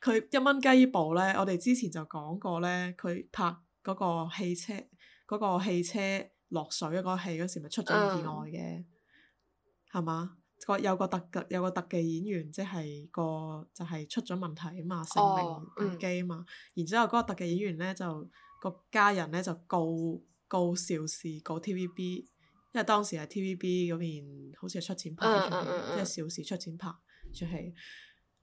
佢 [laughs] 一蚊雞呢部呢，我哋之前就講過呢，佢拍嗰個汽車嗰個汽車。那個汽車落水嗰、那個戲嗰時咪出咗意外嘅，係嘛、嗯？個有個特有個特技演員，即、就、係、是、個就係、是、出咗問題啊嘛，性命危機啊嘛。哦嗯、然之後嗰個特技演員咧就、那個家人咧就告告邵氏，告 TVB，因為當時係 TVB 嗰邊好似係出錢拍，即係、嗯嗯嗯、邵氏出錢拍出戲。誒、嗯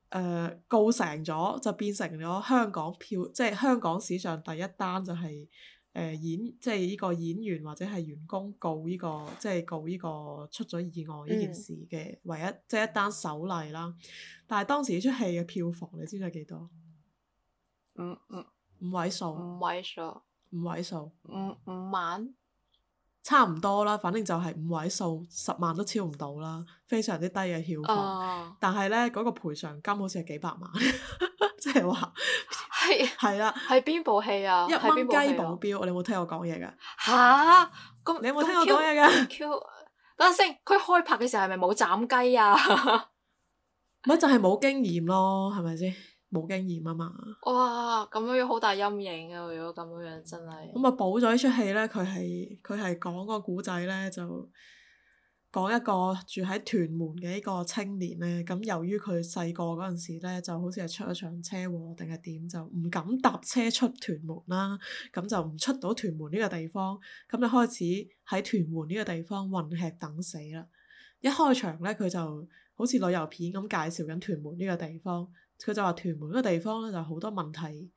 嗯嗯、告成咗就變成咗香港票，即、就、係、是、香港史上第一單就係、是。誒、呃，演即係呢個演員或者係員工告呢、這個，即係告呢個出咗意外呢件事嘅唯一、嗯、唯一即係一單首例啦。但係當時呢齣戲嘅票房，你知唔知係幾多？五五、嗯嗯、五位數，五位數，五位數，五五萬，差唔多啦。反正就係五位數，十萬都超唔到啦，非常之低嘅票房。嗯、但係呢，嗰、那個賠償金好似係幾百萬，即係話。嗯係係啦，係邊部戲啊？一係邊部啊？《一蚊雞保鏢》，你有冇聽我講嘢噶？吓咁、啊，你有冇聽我講嘢噶？等下先，佢開拍嘅時候係咪冇斬雞啊？咪 [laughs] 就係冇經驗咯，係咪先？冇經驗啊嘛！哇，咁樣好大陰影啊！如果咁樣樣真係，咁啊補咗呢出戲咧，佢係佢係講個古仔咧就。講一個住喺屯門嘅一個青年咧，咁由於佢細個嗰陣時咧，就好似係出咗場車禍定係點，就唔敢搭車出屯門啦，咁就唔出到屯門呢個地方，咁就開始喺屯門呢個地方混吃等死啦。一開場咧，佢就好似旅遊片咁介紹緊屯門呢個地方，佢就話屯門呢個地方咧就好多問題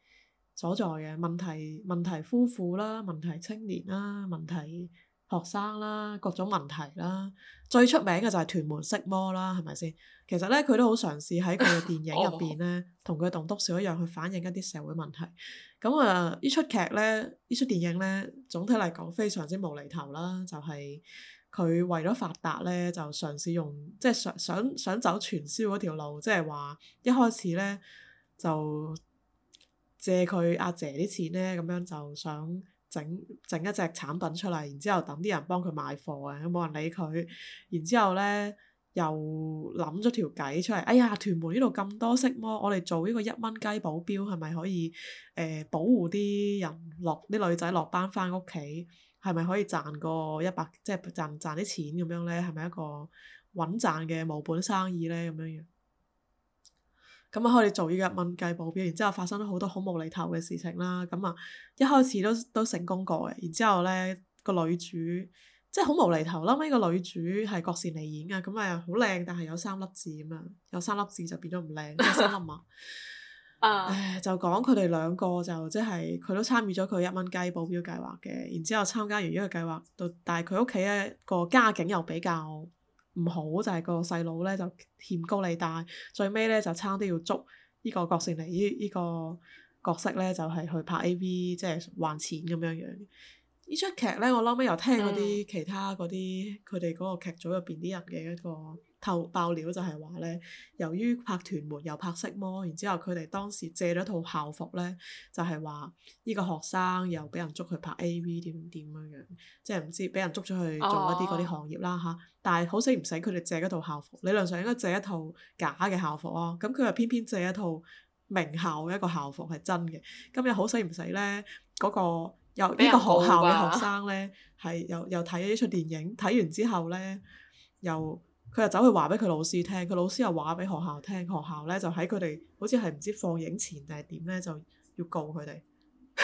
所在嘅，問題問題夫婦啦，問題青年啦，問題學生啦，各種問題啦，最出名嘅就係屯門色魔啦，係咪先？其實咧，佢都好嘗試喺佢嘅電影入邊咧，同佢棟篤笑一樣去反映一啲社會問題。咁啊，呢、呃、出劇咧，呢出電影咧，總體嚟講非常之無厘頭啦，就係、是、佢為咗發達咧，就嘗試用即係想想想走傳銷嗰條路，即係話一開始咧就借佢阿姐啲錢咧，咁樣就想。整整一隻產品出嚟，然之後等啲人幫佢賣貨嘅，冇人理佢。然之後咧，又諗咗條計出嚟。哎呀，屯門呢度咁多色魔，我哋做呢個一蚊雞保鏢，係咪可以誒、呃、保護啲人，落啲女仔落班返屋企，係咪可以賺個一百，即係賺賺啲錢咁樣咧？係咪一個穩賺嘅無本生意咧？咁樣樣。咁啊開始做呢個一蚊雞保鏢，然之後發生咗好多好無厘頭嘅事情啦。咁啊一開始都都成功過嘅，然之後咧，個女主即係好無厘頭啦。咁呢個女主係郭善妮演嘅，咁啊好靚，但係有三粒字咁啊，有三粒字就變咗唔靚。三粒啊，唉，就講佢哋兩個就即係佢都參與咗佢一蚊雞保鏢計劃嘅，然之後參加完呢個計劃到，但係佢屋企咧，個家境又比較。唔好就係、是、個細佬咧就欠高利貸，最尾咧就差啲要捉呢個郭善玲呢依個角色咧、這個、就係、是、去拍 AV，即係還錢咁樣樣。呢出劇咧，我後尾又聽嗰啲其他嗰啲佢哋嗰個劇組入邊啲人嘅一個。爆料就係話咧，由於拍屯門又拍色魔，然之後佢哋當時借咗套校服咧，就係話呢個學生又俾人捉去拍 AV，點點樣樣，即係唔知俾人捉咗去做一啲嗰啲行業啦嚇。Oh. 但係好死唔死，佢哋借嗰套校服，理論上應該借一套假嘅校服啊，咁佢又偏偏借一套名校一個校服係真嘅。今日好死唔死咧，嗰、那個又呢人個學校嘅學生咧，係又又睇咗呢出電影，睇完之後咧又，又又佢就走去話俾佢老師聽，佢老師又話俾學校聽，學校咧就喺佢哋好似係唔知放映前定係點咧，就要告佢哋。 [laughs]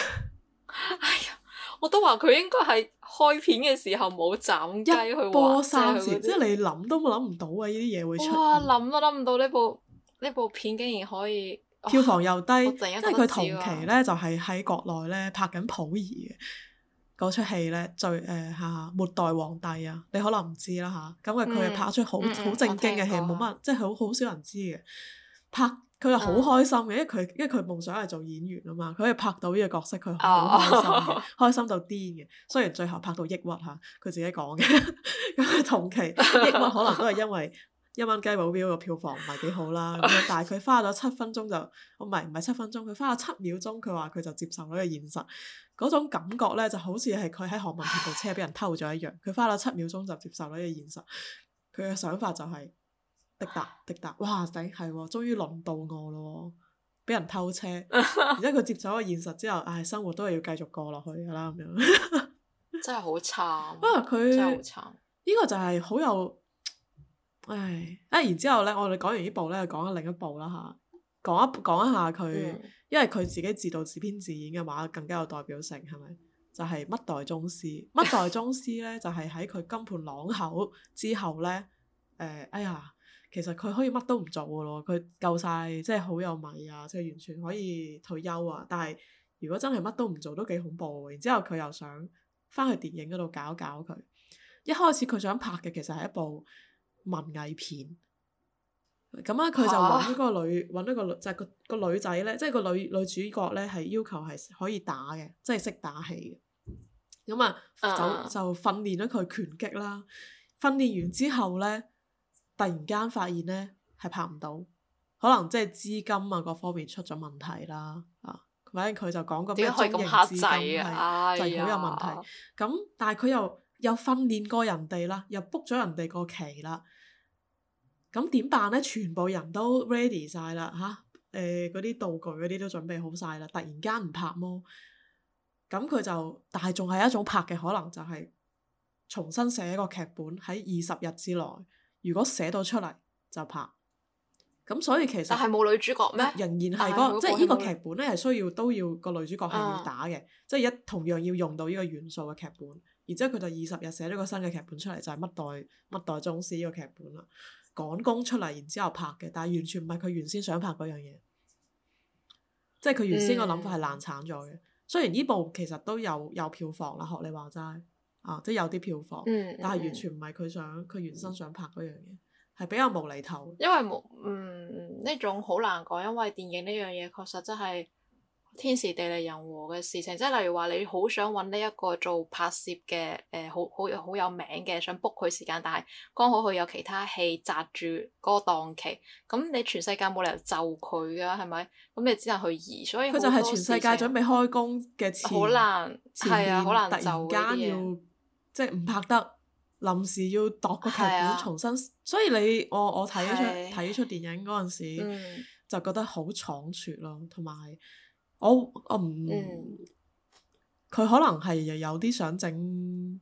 哎呀，我都話佢應該係開片嘅時候冇斬雞去播三折，即係你諗都諗唔到啊！呢啲嘢會出哇諗都諗唔到呢部呢部片竟然可以票房又低，因為佢同期咧、啊、就係喺國內咧拍緊溥儀。嗰出戲咧最誒嚇、呃啊、末代皇帝啊，你可能唔知啦嚇。咁啊，佢拍出好好、嗯、正經嘅戲，冇乜、嗯嗯、即係好好少人知嘅。拍佢係好開心嘅、嗯，因為佢因為佢夢想係做演員啊嘛，佢係拍到呢個角色，佢好開心嘅，哦、開心到癲嘅。雖然最後拍到抑鬱嚇，佢、啊、自己講嘅。咁 [laughs] 佢同期抑鬱可能都係因為。一蚊雞保鏢個票房唔係幾好啦，咁但係佢花咗七分鐘，就唔係唔係七分鐘，佢花咗七秒鐘，佢話佢就接受咗個現實，嗰種感覺咧就好似係佢喺何文田部車俾人偷咗一樣，佢花咗七秒鐘就接受咗呢個現實，佢嘅想法就係、是，滴答滴答，哇頂係喎，終於輪到我咯，俾人偷車，而且佢接受咗個現實之後，唉、哎，生活都係要繼續過落去噶啦，咁樣 [laughs] 真係好慘，啊、真係好慘，呢個就係好有。唉，啊，然之後咧，我哋講完呢部咧，講下另一部啦嚇。講一講一下佢，嗯、因為佢自己自導自編自演嘅話，更加有代表性係咪？就係、是、乜代宗師？乜 [laughs] 代宗師咧？就係喺佢金盆朗口之後咧。誒、呃，哎呀，其實佢可以乜都唔做嘅咯，佢夠晒，即係好有米啊，即、就、係、是、完全可以退休啊。但係如果真係乜都唔做，都幾恐怖。然之後佢又想翻去電影嗰度搞搞佢。一開始佢想拍嘅其實係一部。文藝片咁啊，佢、嗯、就揾一個女，揾一個女，就係個個女仔呢，即係個女女主角呢，係要求係可以打嘅，即係識打戲嘅。咁啊，就是嗯、就，就訓練咗佢拳擊啦。訓練完之後呢，突然間發現呢係拍唔到，可能即係資金啊各方面出咗問題啦。啊、嗯，反正佢就講個咩？點可以咁剋制啊？好有問題哎呀！咁、就是嗯、但係佢又。又訓練過人哋啦，又 book 咗人哋個期啦。咁點辦呢？全部人都 ready 晒啦，嚇、欸！誒，嗰啲道具嗰啲都準備好晒啦。突然間唔拍麼？咁佢就，但係仲係一種拍嘅可能，就係重新寫一個劇本喺二十日之內。如果寫到出嚟就拍。咁所以其實、那個、但係冇女主角咩？仍然係嗰、那個、即係呢個劇本咧，係需要都要個女主角係要打嘅，啊、即係一同樣要用到呢個元素嘅劇本。然之後佢就二十日寫咗個新嘅劇本出嚟，就係、是《乜代乜代宗師》呢、這個劇本啦，趕工出嚟，然之後拍嘅，但係完全唔係佢原先想拍嗰樣嘢，即係佢原先個諗法係難產咗嘅。嗯、雖然呢部其實都有有票房啦，學你話齋啊，即係有啲票房，嗯嗯、但係完全唔係佢想佢原身想拍嗰樣嘢，係、嗯、比較無厘頭。因為冇嗯呢種好難講，因為電影呢樣嘢確實真係。天時地利人和嘅事情，即係例如話你好想揾呢一個做拍攝嘅誒，好好好有名嘅，想 book 佢時間，但係剛好佢有其他戲紮住嗰個檔期，咁你全世界冇理由就佢噶，係咪？咁你只能去移，所以佢就係全世界準備開工嘅前，好難係啊！好難就間要，即係唔拍得，臨時要度個劇本重新。啊、所以你我我睇出睇、啊、出電影嗰陣時，嗯、就覺得好倉促咯，同埋。我我唔，佢、oh, um, 嗯、可能係又有啲想整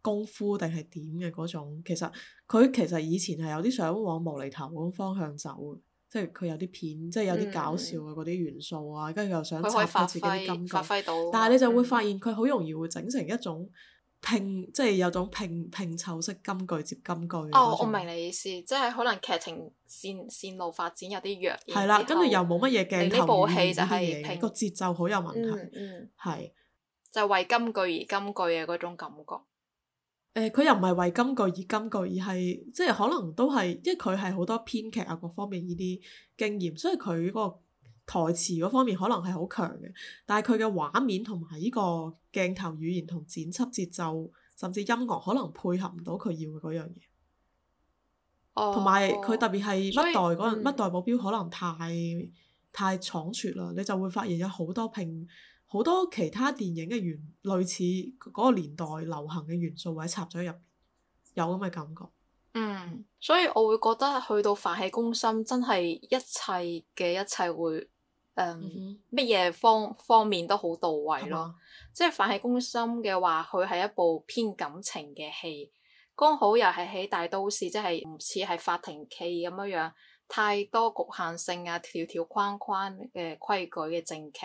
功夫定係點嘅嗰種，其實佢其實以前係有啲想往無厘頭嗰方向走，即係佢有啲片，嗯、即係有啲搞笑嘅嗰啲元素啊，跟住、嗯、又想插翻自己啲金句，但係你就會發現佢好容易會整成一種。嗯拼即係有種拼拼湊式金句接金句。哦，我明你意思，即係可能劇情線線路發展有啲弱。係啦，跟住又冇乜嘢鏡頭，你呢部戲就係個節奏好有問題，係、嗯嗯、係就為金句而金句嘅嗰種感覺。誒、嗯，佢、嗯欸、又唔係為金句而金句，而係即係可能都係，因為佢係好多編劇啊各方面呢啲經驗，所以佢嗰、嗰個。台詞嗰方面可能係好強嘅，但係佢嘅畫面同埋呢個鏡頭語言同剪輯節奏，甚至音樂可能配合唔到佢要嘅嗰樣嘢。同埋佢特別係乜代嗰陣、嗯、代保鏢可能太太倉促啦，你就會發現有好多拼好多其他電影嘅元類似嗰個年代流行嘅元素或者插咗入面，有咁嘅感覺。嗯，嗯所以我會覺得去到《飯氣攻心》，真係一切嘅一切會。誒，乜嘢方方面都好到位咯，嗎即係飯氣攻心嘅話，佢係一部偏感情嘅戲，剛好又係喺大都市，即係唔似係法庭戲咁樣樣，太多局限性啊，條條框框嘅規矩嘅正劇，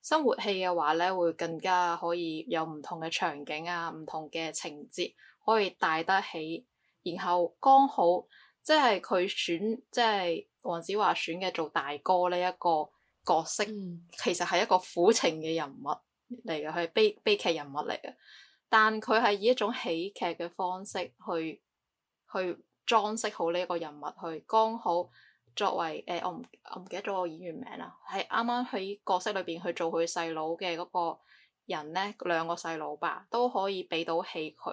生活戲嘅話咧，會更加可以有唔同嘅場景啊，唔同嘅情節，可以帶得起，然後剛好即係佢選即係黃子華選嘅做大哥呢、這、一個。角色其實係一個苦情嘅人物嚟嘅，係悲悲劇人物嚟嘅。但佢係以一種喜劇嘅方式去去裝飾好呢一個人物去，去剛好作為誒、欸，我唔我唔記得咗個演員名啦。係啱啱喺角色裏邊去做佢細佬嘅嗰個人呢兩個細佬吧都可以俾到戲佢。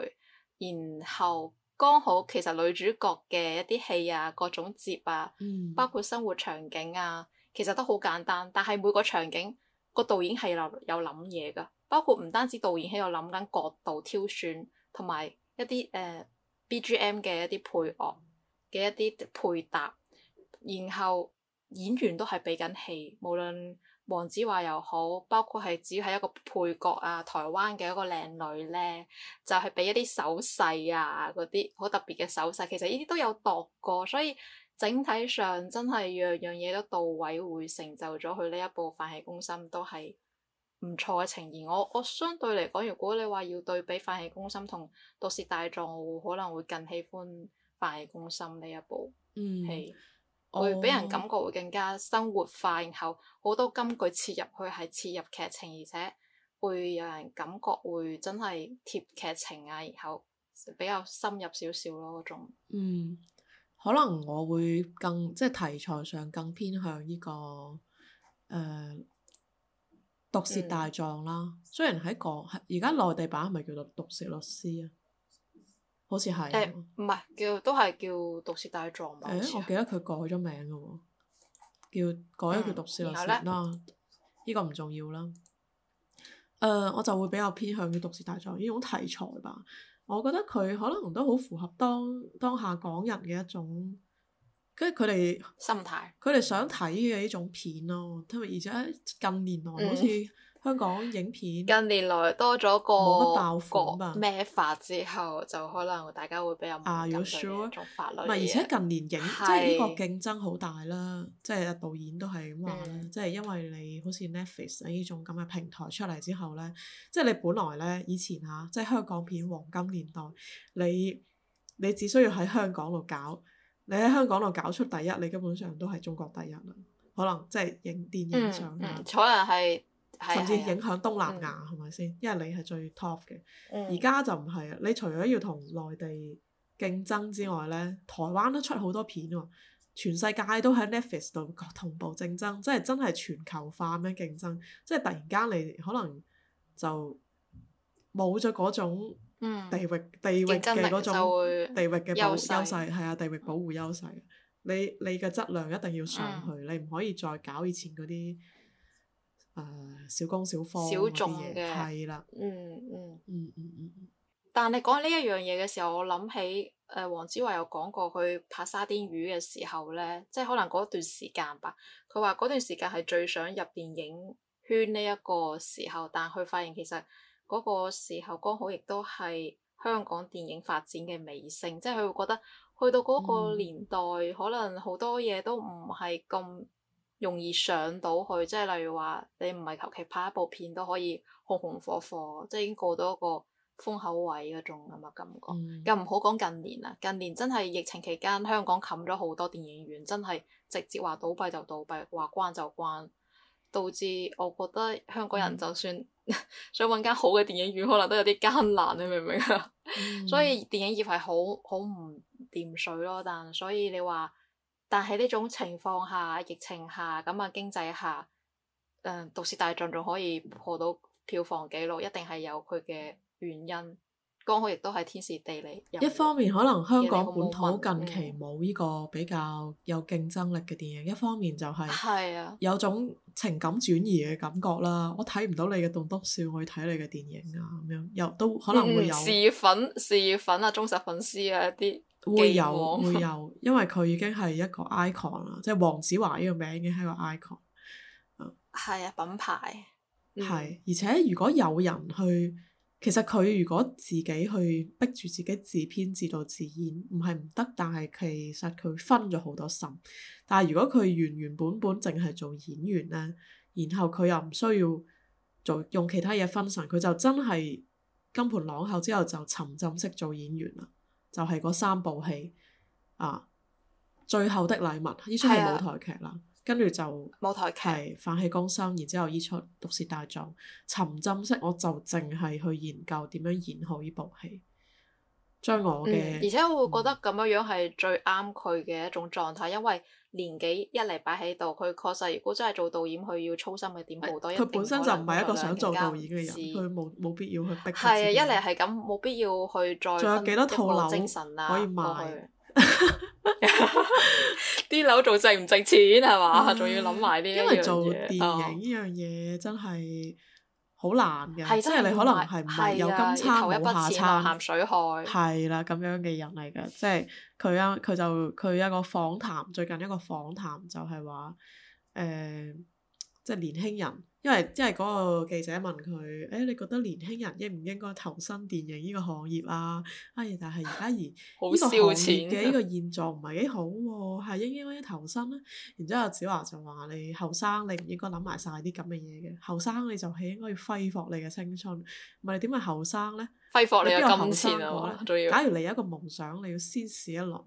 然後剛好其實女主角嘅一啲戲啊，各種接啊，嗯、包括生活場景啊。其實都好簡單，但係每個場景個導演係有有諗嘢㗎，包括唔單止導演喺度諗緊角度挑選，同埋一啲誒、呃、BGM 嘅一啲配樂嘅一啲配搭，然後演員都係俾緊戲，無論黃子華又好，包括係只係一個配角啊，台灣嘅一個靚女咧，就係、是、俾一啲手勢啊，嗰啲好特別嘅手勢，其實依啲都有度過，所以。整體上真係樣樣嘢都到位，會成就咗佢呢一部《飯氣攻心》，都係唔錯嘅呈現。我我相對嚟講，如果你話要對比《飯氣攻心》同《毒舌大狀》，我可能會更喜歡《飯氣攻心》呢一部係，嗯，會俾人感覺會更加生活化，然後好多金句切入去係切入劇情，而且會有人感覺會真係貼劇情啊，然後比較深入少少咯嗰種。嗯。可能我會更即題材上更偏向呢、這個誒、呃、毒舌大狀啦。嗯、雖然喺港，而家內地版係咪叫做毒舌律師啊？好似係誒唔係叫都係叫毒舌大狀嘛、欸。我記得佢改咗名嘅喎，叫改咗叫毒舌律師啦、嗯。呢個唔重要啦。誒、呃、我就會比較偏向於毒舌大狀呢種題材吧。我覺得佢可能都好符合當當下港人嘅一種，即係佢哋心態，佢哋想睇嘅呢種片咯，同埋而且近年來好似，嗯香港影片近年來多咗個爆火嘛，咩法之後，就可能大家會比較敏感呢、啊 sure? 法律唔係，而且近年影是即係呢個競爭好大啦。即係導演都係咁話啦，嗯、即係因為你好似 Netflix 呢種咁嘅平台出嚟之後咧，即係你本來咧以前嚇，即係香港片黃金年代，你你只需要喺香港度搞，你喺香港度搞出第一，你基本上都係中國第一啦。可能即係影電影上，嗯嗯、可能係。甚至影響東南亞，係咪先？因為你係最 top 嘅，而家、嗯、就唔係啊！你除咗要同內地競爭之外咧，台灣都出好多片喎，全世界都喺 Netflix 度同步競爭，即係真係全球化咩競爭？即係突然間你可能就冇咗嗰種地域、嗯、地域嘅嗰種地域嘅保優勢，係啊勢，地域保護優勢。你你嘅質量一定要上去，嗯、你唔可以再搞以前嗰啲。誒，uh, 小工小方小眾嘅，係啦、嗯，嗯嗯嗯嗯嗯。嗯嗯但係講呢一樣嘢嘅時候，我諗起誒，黃子華有講過佢拍沙甸魚嘅時候呢，即係可能嗰段時間吧。佢話嗰段時間係最想入電影圈呢一個時候，但佢發現其實嗰個時候剛好亦都係香港電影發展嘅尾聲，即係佢會覺得去到嗰個年代，嗯、可能好多嘢都唔係咁。容易上到去，即係例如話，你唔係求其拍一部片都可以紅紅火火，即係已經過到一個風口位嗰種咁嘅感覺。又唔好講近年啦，近年真係疫情期間，香港冚咗好多電影院，真係直接話倒閉就倒閉，話關就關，導致我覺得香港人就算、嗯、 [laughs] 想揾間好嘅電影院，可能都有啲艱難，你明唔明啊？嗯、 [laughs] 所以電影業係好好唔掂水咯，但所以你話。但喺呢種情況下、疫情下、咁啊經濟下，誒、嗯《毒舌大狀》仲可以破到票房紀錄，一定係有佢嘅原因。剛好亦都係天時地利。一方面可能香港本土近期冇呢個比較有競爭力嘅電影，嗯、一方面就係有種情感轉移嘅感覺啦。啊、我睇唔到你嘅棟篤笑，我去睇你嘅電影啊咁樣，又都可能會有。嗯、事業粉、事業粉啊，忠實粉絲啊，一啲。會有會有，因為佢已經係一個 icon 啦， [laughs] 即係黃子華呢個名已經係個 icon。係啊，品牌係，而且如果有人去，其實佢如果自己去逼住自己自編自導自演，唔係唔得，但係其實佢分咗好多心。但係如果佢原原本本淨係做演員咧，然後佢又唔需要做用其他嘢分神，佢就真係金盆朗口之後就沉浸式做演員啦，就係嗰三部戲，啊，最後的禮物，呢出係舞台劇啦，啊、跟住就舞台劇，反起江山，然之後依出毒舌大狀沉浸式，我就淨係去研究點樣演好呢部戲，將我嘅、嗯，而且我會覺得咁樣樣係最啱佢嘅一種狀態，因為。年紀一嚟擺喺度，佢確實如果真係做導演，佢要操心嘅點好多，一定佢本身就唔係一個想做導演嘅人，佢冇冇必要去逼自己。係一嚟係咁，冇必要去再。仲有幾多套樓精神啊？可以賣。啲樓做值唔值錢？係嘛，仲、嗯、要諗埋啲。因為做電影呢樣嘢真係。好難嘅，的即係你可能係唔係有今餐冇下餐，係啦咁樣嘅人嚟㗎， [laughs] 即係佢啊，佢就，佢有一個訪談，最近一個訪談就係話誒。呃即係年輕人，因為因為嗰個記者問佢，誒、欸、你覺得年輕人應唔應該投身電影呢個行業啊？哎呀，但係而家而好少錢嘅呢個現狀唔係幾好喎、啊，係應唔應該投身咧、啊？然之後子華就話：你後生，你唔應該諗埋晒啲咁嘅嘢嘅，後生你就係應該要揮霍你嘅青春，唔係點解後生咧？揮霍你有金錢有要假如你有一個夢想，你要先試一輪。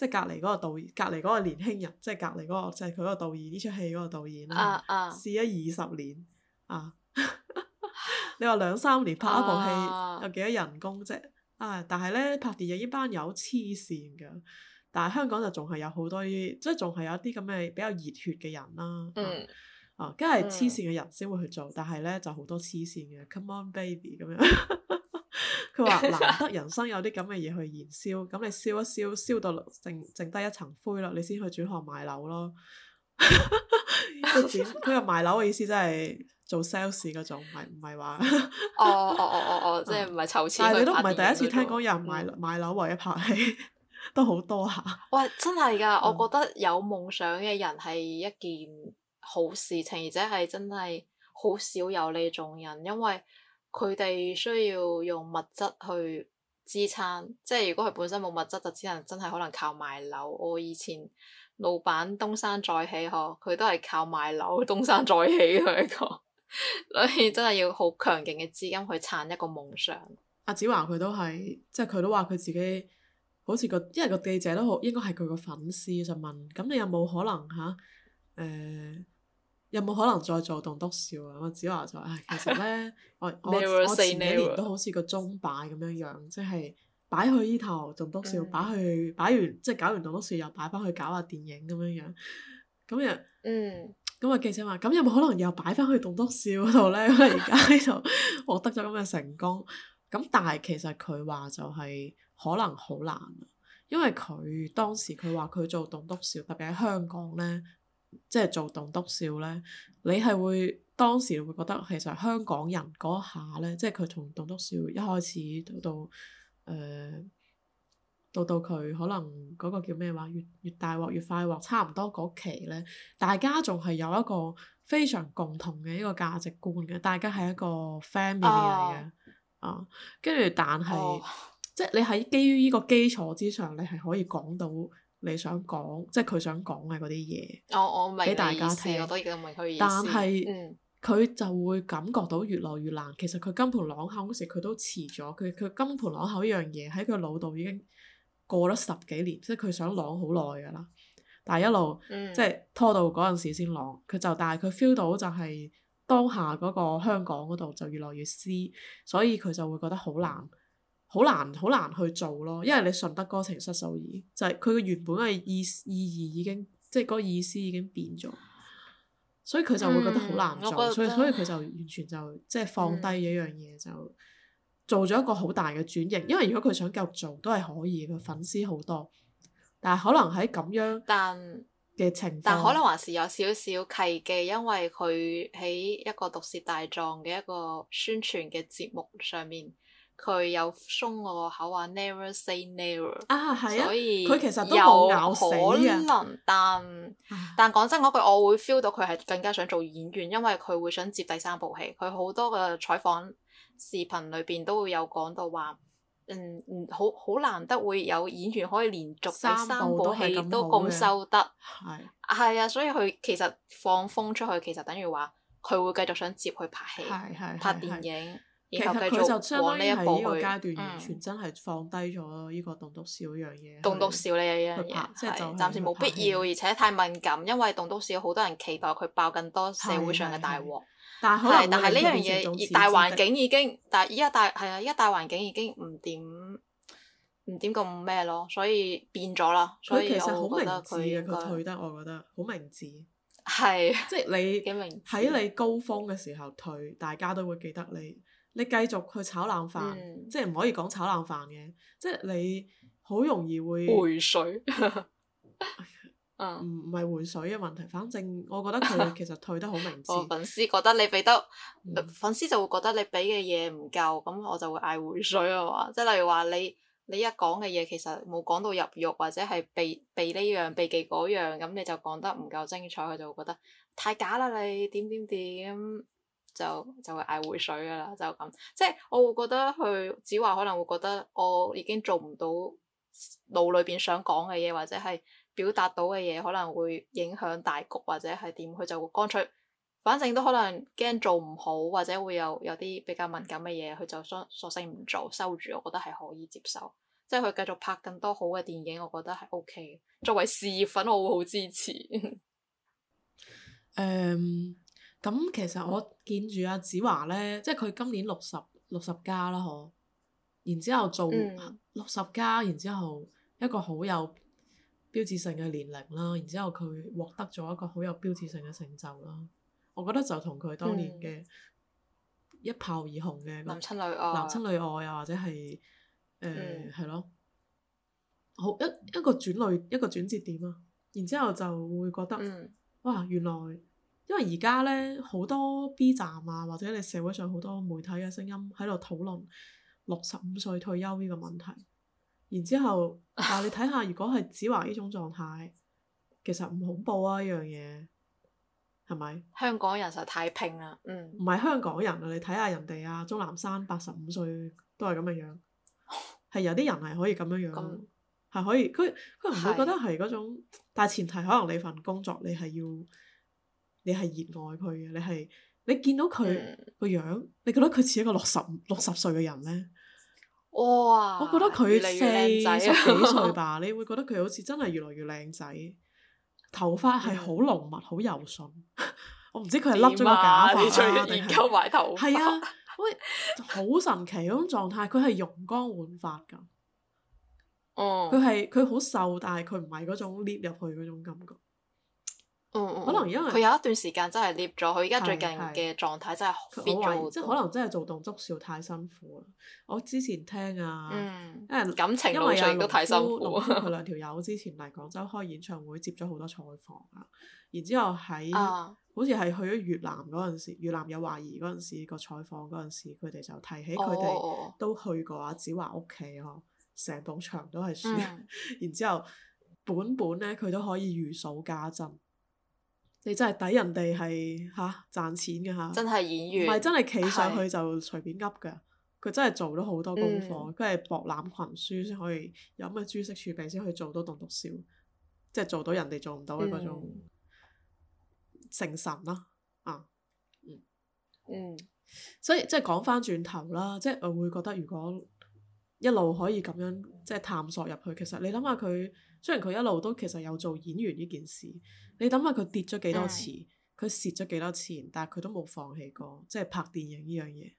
即係隔離嗰個導演，隔離嗰個年輕人，即係隔離嗰、嗰個，即係佢嗰個導演，呢出戲嗰個導演，uh, uh. 試咗二十年啊！ [laughs] 你話兩三年拍一部戲，uh. 有幾多人工啫？啊！但係咧拍電影呢班人好黐線㗎，但係香港就仲係有好多啲，即係仲係有啲咁嘅比較熱血嘅人啦。Mm. 啊，梗係黐線嘅人先會去做，mm. 但係咧就好多黐線嘅，come on baby 咁樣。 [laughs] 佢話： [laughs] 難得人生有啲咁嘅嘢去燃燒，咁你燒一燒，燒到剩剩低一層灰啦，你先去轉行賣樓咯。佢又賣樓嘅意思，即係做 sales 嗰種，唔係唔係話。哦哦哦哦哦，即係唔係籌錢。但係你都唔係第一次聽講有人賣、嗯、賣樓為咗拍戲都，都好多下。喂，真係㗎！我覺得有夢想嘅人係一件好事事情，而且係真係好少有呢種人，因為。佢哋需要用物質去支撐，即係如果佢本身冇物質就只能真係可能靠賣樓。我以前老闆東山再起嗬，佢都係靠賣樓東山再起佢一個， [laughs] 所以真係要好強勁嘅資金去撐一個夢想。阿子華佢都係，即係佢都話佢自己好似個，因為個記者都好應該係佢個粉絲就問，咁你有冇可能吓誒？有冇可能再做棟篤笑啊？我子華話就係、哎、其實咧， [laughs] 我 [laughs] 我 [laughs] 我前幾年都好似個鐘擺咁樣樣，即係擺去依頭棟篤笑，擺去擺完即係搞完棟篤笑又擺翻去搞下電影咁樣樣。咁又嗯，咁啊記者話：咁有冇可能又擺翻去棟篤笑嗰度咧？ [laughs] 因為而家呢度獲得咗咁嘅成功。咁但係其實佢話就係可能好難，因為佢當時佢話佢做棟篤笑，特別喺香港咧。即係做棟篤笑咧，你係會當時會覺得其實香港人嗰下咧，即係佢從棟篤笑一開始到到誒、呃、到到佢可能嗰個叫咩話越越大鑊越快鑊，差唔多嗰期咧，大家仲係有一個非常共同嘅一個價值觀嘅，大家係一個 family 嚟嘅啊。跟住、啊、但係、哦、即係你喺基於呢個基礎之上，你係可以講到。你想講，即係佢想講嘅嗰啲嘢，俾、哦、大家聽。但係是佢、嗯、就會感覺到越嚟越難。其實佢金盆朗口嗰時佢都遲咗，佢佢金盆啷口呢樣嘢喺佢腦度已經過咗十幾年，即係佢想啷好耐㗎啦。但係一路即係拖到嗰陣時先啷，佢就但係佢 feel 到就係當下嗰個香港嗰度就越來越撕，所以佢就會覺得好難。好難好難去做咯，因為你順德歌情失收耳，就係佢嘅原本嘅意意義已經即係嗰意思已經變咗，所以佢就會覺得好難做，嗯、所以所以佢就完全就即係放低一樣嘢，就，是嗯、就做咗一個好大嘅轉型。因為如果佢想繼續做都係可以嘅，粉絲好多，但係可能喺咁樣嘅情況但，但可能還是有少少契機，因為佢喺一個毒舌大狀嘅一個宣傳嘅節目上面。佢又鬆個口話，never say never 啊，係啊，佢其實都冇咬死 [laughs] 但，但講真嗰句，我會 feel 到佢係更加想做演員，因為佢會想接第三部戲。佢好多嘅採訪視頻裏邊都會有講到話，嗯，好好難得會有演員可以連續第三部戲都咁收得係啊、。 [laughs] 嗯，所以佢其實放風出去，其實等於話佢會繼續想接去拍戲，嘿嘿嘿嘿拍電影，嘿嘿嘿其實佢就相當於係呢個階段完全真係放低咗呢個《棟篤笑》呢樣嘢，《棟篤笑》呢樣嘢，即係暫時冇必要，而且太敏感，因為《棟篤笑》好多人期待佢爆更多社會上嘅大鑊。但係，可能但係呢樣嘢大環境已經，但係依家大係啊！依家大環境已經唔點唔點咁咩咯，所以變咗啦。所以其實好明智嘅，佢退得，我覺得好明智。係即係你喺你高峰嘅時候退，大家都會記得你。你繼續去炒冷飯，嗯、即係唔可以講炒冷飯嘅，即係你好容易會回水。唔唔係回水嘅問題，反正我覺得佢其實退得好明智。 [laughs] 我粉絲覺得你俾得，嗯、粉絲就會覺得你俾嘅嘢唔夠，咁我就會嗌回水啊嘛。即係、就是、例如話你你一講嘅嘢其實冇講到入肉，或者係避避呢、這、樣、個、避忌嗰、那、樣、個，咁你就講得唔夠精彩，佢就會覺得太假啦！你點點點。就就會嗌回水噶啦，就咁。即係我會覺得佢子華可能會覺得我已經做唔到腦裏邊想講嘅嘢，或者係表達到嘅嘢可能會影響大局或者係點，佢就會乾脆，反正都可能驚做唔好，或者會有有啲比較敏感嘅嘢，佢就索性唔做收住。我覺得係可以接受，即係佢繼續拍更多好嘅電影，我覺得係 OK。作為事業粉，我會好支持。 [laughs] um 咁其實我見住阿子華咧，即係佢今年六十六十加啦，嗬。然之後做六十加，然之後一個好有標誌性嘅年齡啦。然之後佢獲得咗一個好有標誌性嘅成就啦。我覺得就同佢當年嘅一炮而紅嘅男親女愛，男親女愛啊，或者係誒係咯，好一一個轉捩一個轉折點啊。然之後就會覺得、嗯、哇，原來～因為而家咧好多 B 站啊，或者你社會上好多媒體嘅聲音喺度討論六十五歲退休呢個問題。然之後， [laughs] 但係你睇下，如果係子華呢種狀態，其實唔恐怖啊，呢樣嘢係咪？香港人實在太拼啦，嗯。唔係香港人啊，看看人啊，你睇下人哋啊，鐘南山八十五歲都係咁嘅樣，係 [laughs] 有啲人係可以咁樣樣，係可以。佢佢唔會覺得係嗰種，的但係前提可能你份工作你係要。你係熱愛佢嘅，你係你見到佢個樣，嗯、你覺得佢似一個六十六十歲嘅人咧？哇！我覺得佢四十幾歲吧，越越 [laughs] 你會覺得佢好似真係越來越靚仔，頭髮係好濃密、好柔、嗯、油順。 [laughs] 我唔知佢係笠咗個假髮定係染埋頭髮。係是 [laughs] 啊，喂，好神奇嗰種狀態，佢係容光煥發㗎。哦、嗯，佢係佢好瘦，但係佢唔係嗰種 lift 入去嗰種感覺。嗯，可能因為佢有一段時間真係 lift 咗，佢而家最近嘅狀態真係 fit 好。即係可能真係做棟篤笑太辛苦，我之前聽啊，因為感情路上亦都太辛苦。佢兩條友之前嚟廣州開演唱會，接咗好多採訪啊。然之後喺好似係去咗越南嗰陣時，越南有懷疑嗰陣時，個採訪嗰陣時，佢哋就提起佢哋都去過阿子華屋企呵，成棟牆都係書。然之後本本咧，佢都可以如數家珍。你真係抵人哋係吓賺錢嘅吓，真係演員，唔係真係企上去就隨便噏嘅。佢真係做咗好多功課，佢係博覽群書先可以有咩知識儲備先可以做到棟篤笑，即係做到人哋做唔到嘅嗰種、嗯、成神啦。啊，嗯嗯，所以即係講返轉頭啦，即係我會覺得如果一路可以咁樣即係探索入去，其實你諗下佢。雖然佢一路都其實有做演員呢件事，你諗下佢跌咗幾多次，佢、嗯、蝕咗幾多次，但係佢都冇放棄過，即係拍電影呢樣嘢。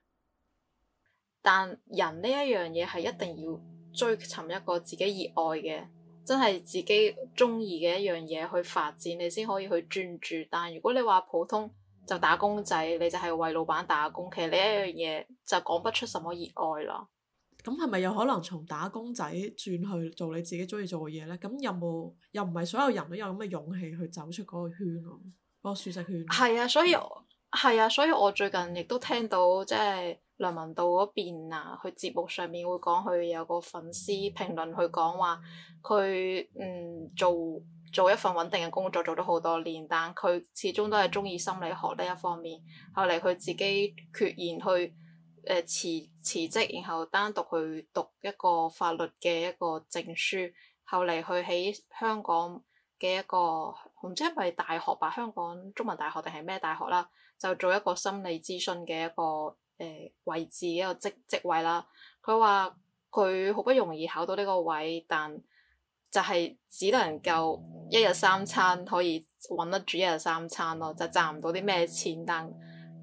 但人呢一樣嘢係一定要追尋一個自己熱愛嘅，真係自己鍾意嘅一樣嘢去發展，你先可以去專注。但如果你話普通就打工仔，你就係為老闆打工，其實呢一樣嘢就講不出什麼熱愛咯。咁係咪有可能從打工仔轉去做你自己中意做嘅嘢呢？咁有冇又唔係所有人都有咁嘅勇氣去走出嗰個圈咯，啊。嗰、嗰個舒適圈係啊，啊，所以係啊，所以我最近亦都聽到即係、即係、梁文道嗰邊啊，佢節目上面會講佢有個粉絲評論，佢講話佢嗯做做一份穩定嘅工作做咗好多年，但佢始終都係中意心理學呢一方面。後嚟佢自己決然去。誒辭辭職，然後單獨去讀一個法律嘅一個證書，後嚟佢喺香港嘅一個，唔知係咪大學吧？香港中文大學定係咩大學啦？就做一個心理諮詢嘅一個誒、呃、位置一個職職位啦。佢話佢好不容易考到呢個位，但就係只能夠一日三餐可以揾得住一日三餐咯，就賺唔到啲咩錢，但。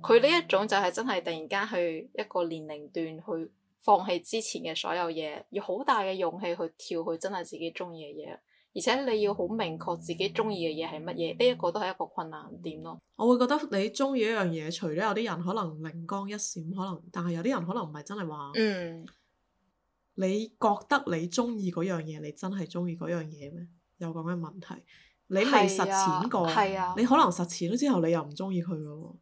佢呢一種就係真係突然間去一個年齡段去放棄之前嘅所有嘢，要好大嘅勇氣去跳去真係自己中意嘅嘢，而且你要好明確自己中意嘅嘢係乜嘢，呢一個都係一個困難點咯。我會覺得你中意一樣嘢，除咗有啲人可能靈光一閃，可能，但係有啲人可能唔係真係話，嗯，你覺得你中意嗰樣嘢，你真係中意嗰樣嘢咩？有個咩問題？你未實踐過，啊啊、你可能實踐咗之後，你又唔中意佢咯。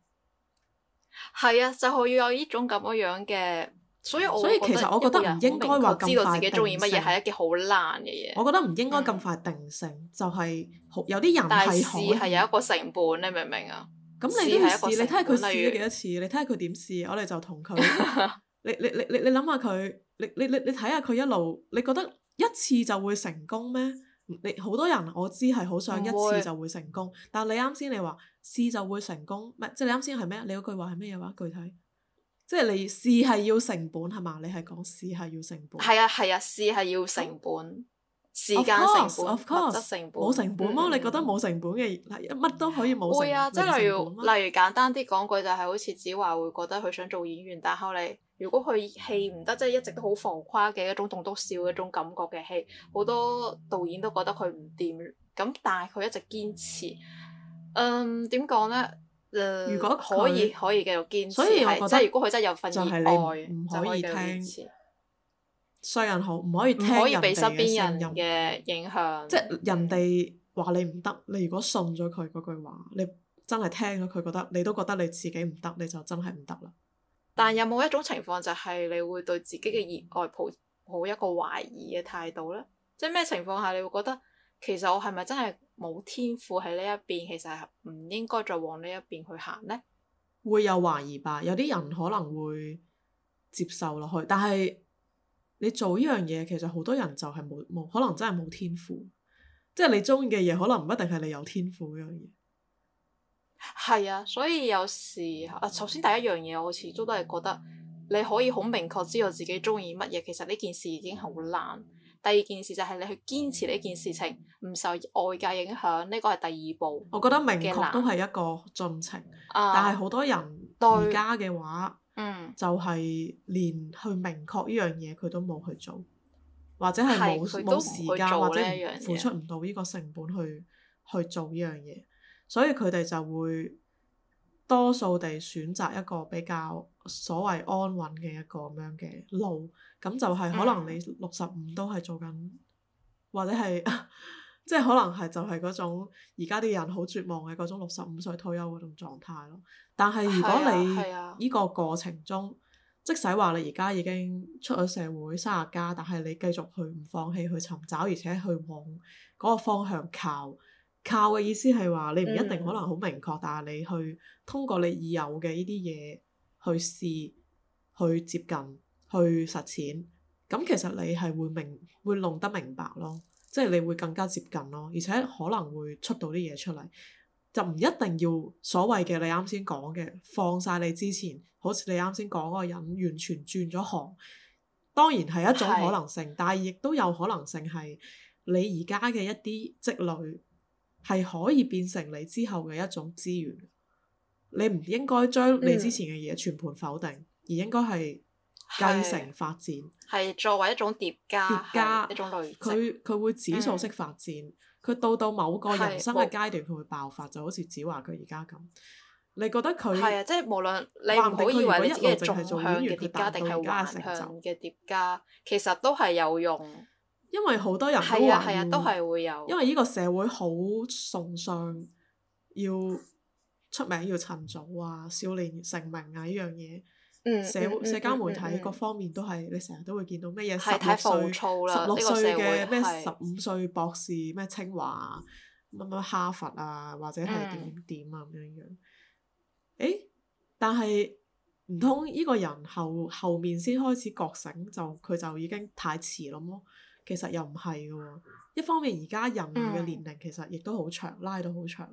係啊，就好要有呢種咁樣樣嘅，所以我所以其實我覺得唔應該話咁，知道自己中意乜嘢係一件好難嘅嘢。我覺得唔應該咁快定性，就係好有啲人係試係有一個成本，你明唔明啊？咁 [laughs] 你啲試，你睇下佢試咗幾多次，你睇下佢點試，我哋就同佢，你你你你你諗下佢，你你你想想你睇下佢一路，你覺得一次就會成功咩？你好多人我知係好想一次就會成功，會但係你啱先你話。試就會成功，唔係即係你啱先係咩？你嗰句話係咩嘢話？具體，即係你試係要成本係嘛？你係講試係要成本。係啊係啊，試係要成本，成本然時間成本、然物質成本。冇成本麼？嗯、你覺得冇成本嘅乜都可以冇，會啊，即係例如例如簡單啲講句就係、是、好似子華會覺得佢想做演員，但後嚟如果佢戲唔得，即、就、係、是、一直都好浮誇嘅一種棟篤笑一種感覺嘅戲，好多導演都覺得佢唔掂，咁但係佢一直堅持。嗯，點講咧？Uh, 如果可以，可以繼續堅持係即係，如果佢真係有份熱愛，就你可以堅持。雙人好，唔可以聽。好可，以聽人可以被身邊人嘅影響。即係對 人哋話你唔得，你如果信咗佢嗰句話，你真係聽咗佢覺得，你都覺得你自己唔得，你就真係唔得啦。但有冇一種情況就係你會對自己嘅熱愛抱抱一個懷疑嘅態度咧？即係咩情況下你會覺得其實我係咪真係？冇天賦喺呢一邊，其實唔應該再往呢一邊去行呢？會有懷疑吧？有啲人可能會接受落去，但係你做呢樣嘢，其實好多人就係冇冇，可能真係冇天賦。即係你中意嘅嘢，可能唔一定係你有天賦嘅嘢。係啊，所以有時啊，首先第一樣嘢，我始終都係覺得你可以好明確知道自己中意乜嘢，其實呢件事已經好難。第二件事就係你去堅持呢件事情，唔受外界影響，呢、呢個係第二步。我覺得明確都係一個進程，uh, 但係好多人而家嘅話，對就係連去明確呢樣嘢佢都冇去做，或者係冇冇時間或者付出唔到呢個成本去去做呢樣嘢，所以佢哋就會，多數地選擇一個比較所謂安穩嘅一個咁樣嘅路，咁就係可能你六十五都係做緊，嗯、或者係即係可能係就係嗰種而家啲人好絕望嘅嗰種六十五歲退休嗰種狀態咯。但係如果你呢、啊啊、個過程中，即使話你而家已經出咗社會三十加，但係你繼續去唔放棄去尋找，而且去往嗰個方向靠。靠嘅意思係話，你唔一定可能好明確，嗯、但係你去通過你已有嘅呢啲嘢去試，去接近，去實踐。咁其實你係會明，會弄得明白咯，即係你會更加接近咯，而且可能會出到啲嘢出嚟，就唔一定要所謂嘅你啱先講嘅放晒你之前，好似你啱先講嗰個人完全轉咗行。當然係一種可能性，是但係亦都有可能性係你而家嘅一啲積累。係可以變成你之後嘅一種資源，你唔應該將你之前嘅嘢全盤否定，嗯、而應該係繼承發展，係作為一種疊加，疊加一種累積。佢佢會指數式發展，佢、嗯、到到某個人生嘅階段，佢會爆發，就好似子華佢而家咁。你覺得佢係啊？即、就、係、是、無論你唔可以為一啲嘢，係做演員嘅疊加定係演員嘅疊加，其實都係有用。因為好多人都話係啊，都係會有。因為呢個社會好崇尚要出名要趁早啊，少年成名啊呢樣嘢。嗯、社、嗯嗯、社，社交媒體各方面都係、嗯嗯、你成日都會見到咩嘢，十六歲十六歲嘅咩十五歲博士咩的清華，乜乜哈佛啊或者係點點啊咁樣怎樣，怎樣。誒、嗯欸，但係唔通呢個人後後面先開始覺醒，就佢就，就已經太遲咯。麼？其實又唔係嘅喎，一方面而家人嘅年齡其實亦都好長，嗯、拉到好長。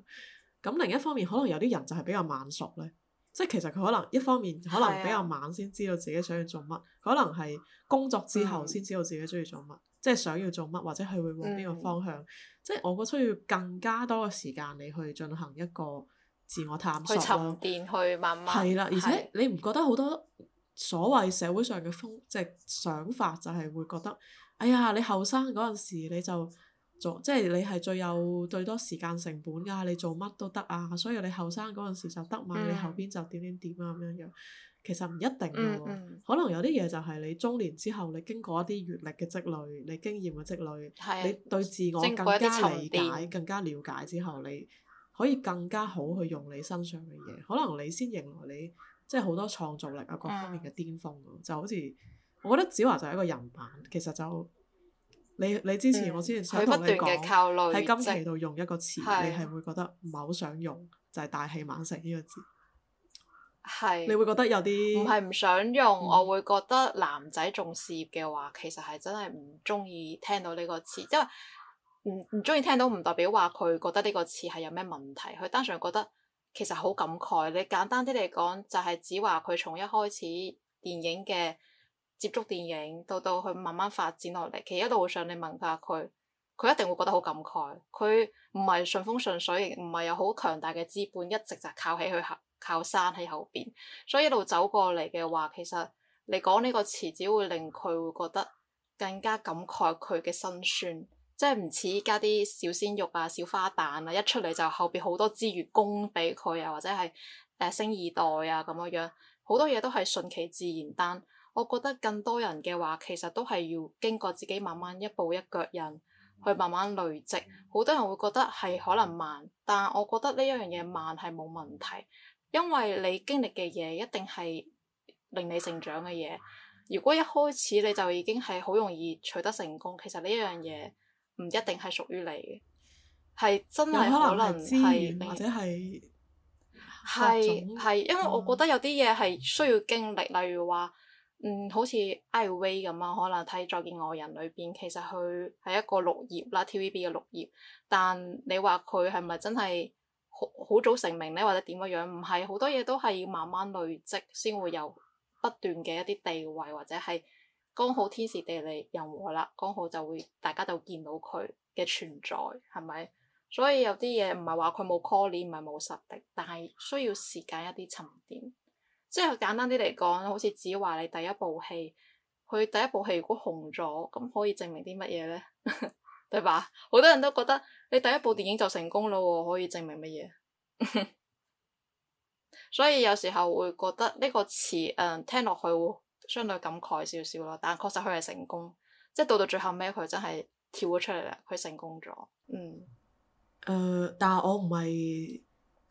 咁另一方面，可能有啲人就係比較晚熟咧，即係其實佢可能一方面可能比較晚先知道自己想要做乜，嗯、可能係工作之後先知道自己中意做乜，嗯、即係想要做乜或者佢會往邊個方向。嗯、即係我覺得需要更加多嘅時間，你去進行一個自我探索，去沉澱，去慢慢係啦。了是而且你唔覺得好多所謂社會上嘅風即係想法，就係會覺得。哎呀，你後生嗰陣時你就做，即係你係最有最多時間成本㗎，你做乜都得啊！所以你後生嗰陣時就得嘛，嗯、你後邊就點點點啊咁樣樣。其實唔一定㗎喎，嗯嗯，可能有啲嘢就係你中年之後，你經過一啲閲歷嘅積累，你經驗嘅積累，的你對自我更加理解、更加了解之後，你可以更加好去用你身上嘅嘢，可能你先迎來你即係好多創造力啊各方面嘅巔峰，嗯、就好似～我覺得子華就係一個人品。其實就你你之前我之前想同、嗯、你講喺今期度用一個詞，就是、你係會覺得唔係好想用，就係、是、大器晚成呢個字。係是。你會覺得有啲唔係唔想用，嗯、我會覺得男仔重事業嘅話，其實係真係唔中意聽到呢個詞，因為唔唔中意聽到唔代表話佢覺得呢個詞係有咩問題，佢單純係覺得其實好感慨。你簡單啲嚟講，就係子華佢從一開始電影嘅。接觸電影到到去慢慢發展落嚟，其實一路上你問下佢，佢一定會覺得好感慨。佢唔係順風順水，亦唔係有好強大嘅資本，一直就靠喺佢後靠山喺後邊。所以一路走過嚟嘅話，其實你講呢個詞只會令佢會覺得更加感慨佢嘅辛酸，即係唔似依家啲小鮮肉啊、小花旦啊，一出嚟就後邊好多資源供俾佢啊，或者係誒星二代啊咁樣樣，好多嘢都係順其自然單。我覺得更多人嘅話，其實都係要經過自己慢慢一步一腳印，去慢慢累積。好多人會覺得係可能慢，但我覺得呢一樣嘢慢係冇問題，因為你經歷嘅嘢一定係令你成長嘅嘢。如果一開始你就已經係好容易取得成功，其實呢一樣嘢唔一定係屬於你嘅，係真係可能係你，或者係係係，因為我覺得有啲嘢係需要經歷，例如話。嗯，好似 Ivy 咁啊，可能睇《再見外人》裏邊，其實佢係一個綠葉啦，TVB 嘅綠葉。但你話佢係咪真係好好早成名呢？或者點樣樣？唔係，好多嘢都係要慢慢累積，先會有不斷嘅一啲地位，或者係剛好天時地利人和啦，剛好就會大家就見到佢嘅存在，係咪？所以有啲嘢唔係話佢冇 call 你，唔係冇實力，但係需要時間一啲沉澱。即係簡單啲嚟講，好似只話你第一部戲，佢第一部戲如果紅咗，咁可以證明啲乜嘢呢？ [laughs] 對吧？好多人都覺得你第一部電影就成功咯喎，可以證明乜嘢？ [laughs] 所以有時候會覺得呢個詞，誒、嗯、聽落去會相對感慨少少咯。但確實佢係成功，即係到到最後尾，佢真係跳咗出嚟啦，佢成功咗。嗯。呃、但係我唔係，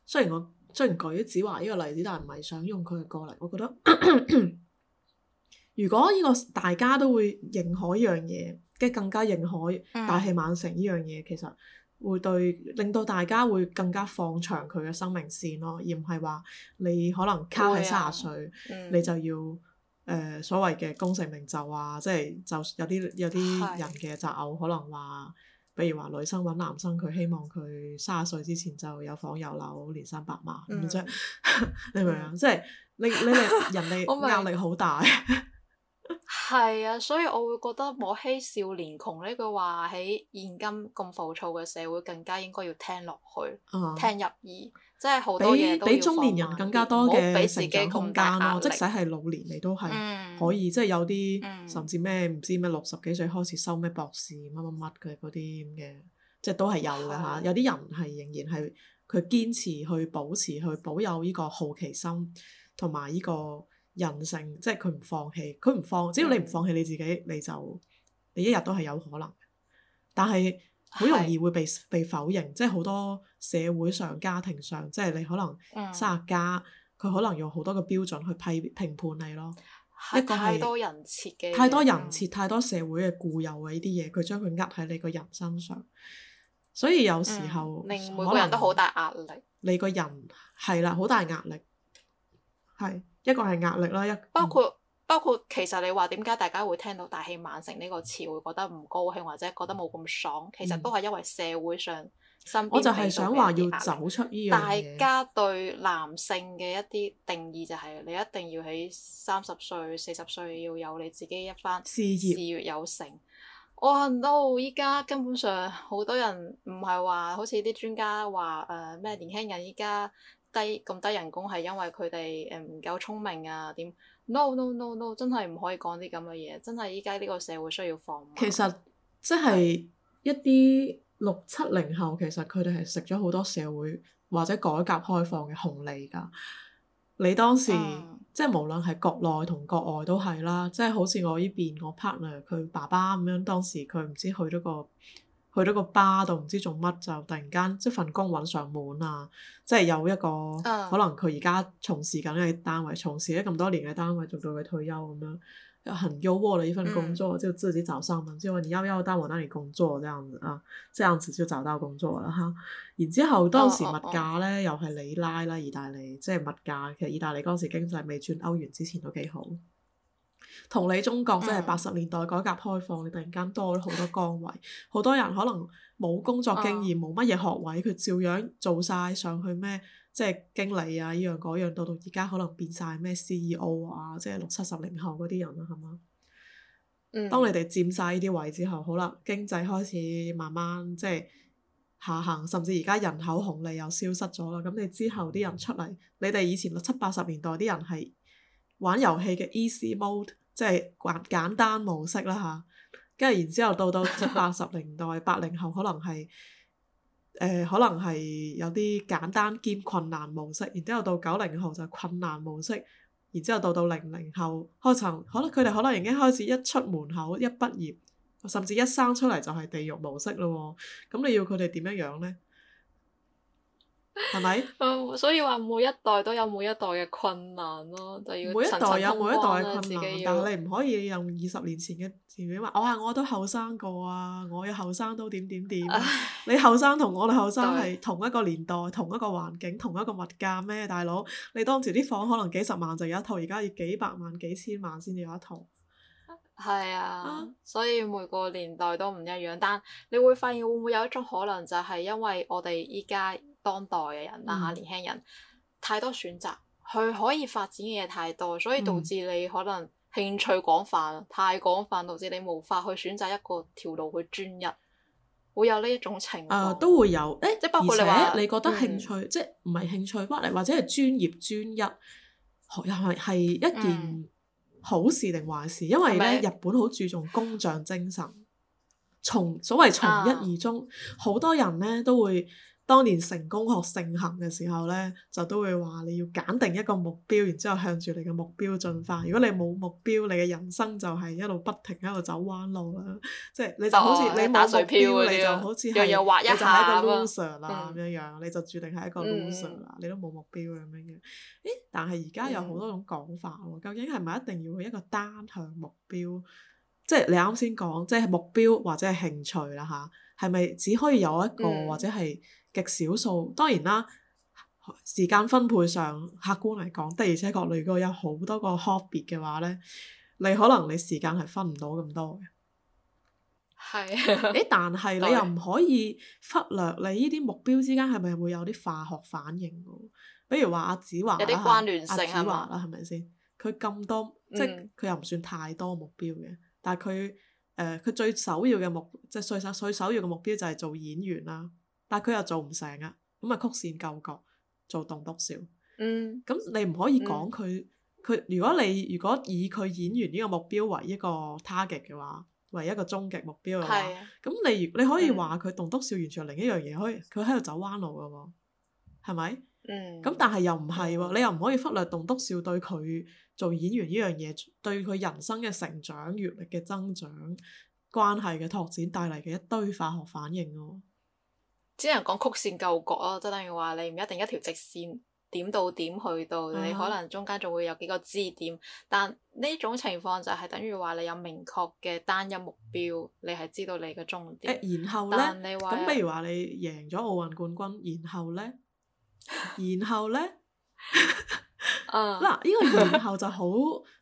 雖然我。雖然舉子華呢個例子，但係唔係想用佢嘅過嚟。我覺得 [coughs] 如果呢個大家都會認可依樣嘢，即係更加認可大器晚成依樣嘢，嗯、其實會對令到大家會更加放長佢嘅生命線咯，而唔係話你可能卡喺卅歲，啊嗯、你就要誒、呃、所謂嘅功成名就啊，即係就有啲有啲人嘅擲骰可能話。比如話女生揾男生，佢希望佢三十歲之前就有房有樓，年三百萬咁樣，你明唔明啊？即係你你人哋壓力好大 [laughs] 是。係 [laughs] 啊，所以我會覺得莫欺少年窮呢句話喺現今咁浮躁嘅社會更加應該要聽落去，uh huh. 聽入耳。即係好比，比中年人更加多嘅成長空間囉，唔好俾自己咁大壓力，即使係老年你都係、嗯、可以，即係有啲、嗯、甚至咩唔知咩六十幾歲開始收咩博士乜乜乜嘅嗰啲咁嘅，即係都係有嘅嚇。嗯、有啲人係仍然係佢堅持去保持去保有呢個好奇心同埋呢個人性，即係佢唔放棄，佢唔放，只要你唔放棄你自己，你就你一日都係有可能。但係。好是容易會被被否認，即係好多社會上、家庭上，即係你可能卅家，佢、嗯、可能用好多個標準去批評判你咯。一個係太多人設太多人設，嗯、太多社會嘅固有嘅呢啲嘢，佢將佢呃喺你個人身上。所以有時候、嗯、令每個人都好大壓力。你個人係啦，好大壓力。係一個係壓力啦，一、嗯、包括。包括其實你話點解大家會聽到大器晚成呢個詞會覺得唔高興或者覺得冇咁爽，嗯、其實都係因為社會上，我就係想話要走出呢樣，大家對男性嘅一啲定義就係你一定要喺三十歲四十歲要有你自己一番事業，事業有成。我諗到依家根本上好多人唔係話好似啲專家話誒咩年輕人依家低咁低人工係因為佢哋誒唔夠聰明啊點？No no no no 真係唔可以講啲咁嘅嘢，真係依家呢個社會需要放。其實即係一啲六七零後，其實佢哋係食咗好多社會或者改革開放嘅紅利噶。你當時、啊、即係無論係國內同國外都係啦，即係好似我依邊個 partner 佢爸爸咁樣，當時佢唔知去咗個。去咗個巴度唔知做乜，就突然間即份工揾上門啊！即係有一個、uh, 可能佢而家從事緊嘅單位，從事咗咁多年嘅單位，做到佢退休咁樣又，很優渥嘅一份工作，就、mm. 自己找上門，就話你要休要到我那裡工作？這樣子啊，這樣子就找到工作啦、啊。然之後當時物價呢，又係你拉啦，意大利即係物價，其實意大利嗰時經濟未轉歐元之前都幾好。同你中國即係八十年代改革開放，你突然間多咗好多崗位，好多人可能冇工作經驗，冇乜嘢學位，佢照樣做晒上去咩，即係經理啊呢樣嗰樣，到到而家可能變晒咩 CEO 啊，即係六七十零後嗰啲人啦，係嘛？嗯。當你哋佔晒呢啲位之後，好啦，經濟開始慢慢即係下行，甚至而家人口紅利又消失咗啦。咁你之後啲人出嚟，你哋以前六七八十年代啲人係玩遊戲嘅 easy mode。即係簡簡單模式啦，吓，跟住然之後到到八十年代，八零 [laughs] 後可能係誒、呃，可能係有啲簡單兼困難模式，然之後到九零後就困難模式，然之後到到零零後，可能可能佢哋可能已經開始一出門口一畢業，甚至一生出嚟就係地獄模式咯，咁你要佢哋點樣樣呢？係咪？ [laughs] 所以話每一代都有每一代嘅困難咯，就要層層每一代有每一代嘅困難要，但係你唔可以用二十年前嘅前邊話。 [laughs] 我話我都後生過啊，我嘅後生都點點點。 [laughs] 你後生同我哋後生係同一個年代、對同一個環境、同一個物價咩？大佬，你當時啲房可能幾十萬就有一套，而家要幾百萬、幾千萬先至有一套。係啊，啊所以每個年代都唔一樣。但你會發現會唔會有一種可能，就係因為我哋依家。當代嘅人啊，年輕人太多選擇，佢可以發展嘅嘢太多，所以導致你可能興趣廣泛，嗯、太廣泛導致你無法去選擇一個條路去專一，會有呢一種情況、啊。都會有，誒、欸，即包括你話，你覺得興趣、嗯、即係唔係興趣，或或者係專業專一，又係係一件好事定壞事？嗯、因為咧，吧日本好注重工匠精神，從所謂從一而終，好、啊、多人咧都會。當年成功學盛行嘅時候咧，就都會話你要揀定一個目標，然之後向住你嘅目標進化。如果你冇目標，你嘅人生就係一路不停喺度走彎路啦。即係你就好似你冇目標，你就好似係你就係一,一個 loser 啦咁樣、嗯、樣，你就注定係一個 loser 啦。嗯、你都冇目標咁樣樣。咦、嗯？但係而家有好多種講法喎，嗯、究竟係咪一定要一個單向目標？即係你啱先講，即係目標或者係興趣啦吓，係咪只可以有一個或者係？極少數當然啦，時間分配上客觀嚟講，的而且確如果有好多個 hobby 嘅話咧，你可能你時間係分唔到咁多嘅。係誒、 [laughs] 欸，但係你又唔可以忽略你呢啲目標之間係咪會有啲化學反應？比如話阿子華啦，有啲關聯性、啊、阿子華啦，係咪先佢咁多、嗯、即係佢又唔算太多目標嘅，但係佢誒佢最首要嘅目即係、就係、最首最首要嘅目標就係做演員啦。但係佢又做唔成啊，咁咪曲線救國做棟篤笑。嗯，咁你唔可以講佢佢，如果你如果以佢演員呢個目標為一個 target 嘅話，為一個終極目標嘅話，咁例、啊、你，你可以話佢棟篤笑完全係另一樣嘢，可以，佢喺度走彎路噶喎，係咪？嗯，咁但係又唔係，你又唔可以忽略棟篤笑對佢做演員呢樣嘢，對佢人生嘅成長、閱歷嘅增長、關係嘅拓展帶嚟嘅一堆化學反應咯。只能講曲線救國咯，即係等於話你唔一定一條直線點到點去到，嗯、你可能中間仲會有幾個支點。但呢種情況就係等於話你有明確嘅單一目標，你係知道你嘅終點、欸。然後呢，咁譬、嗯、如話你贏咗奧運冠軍，然後呢？然後呢？嗱，呢個然後就好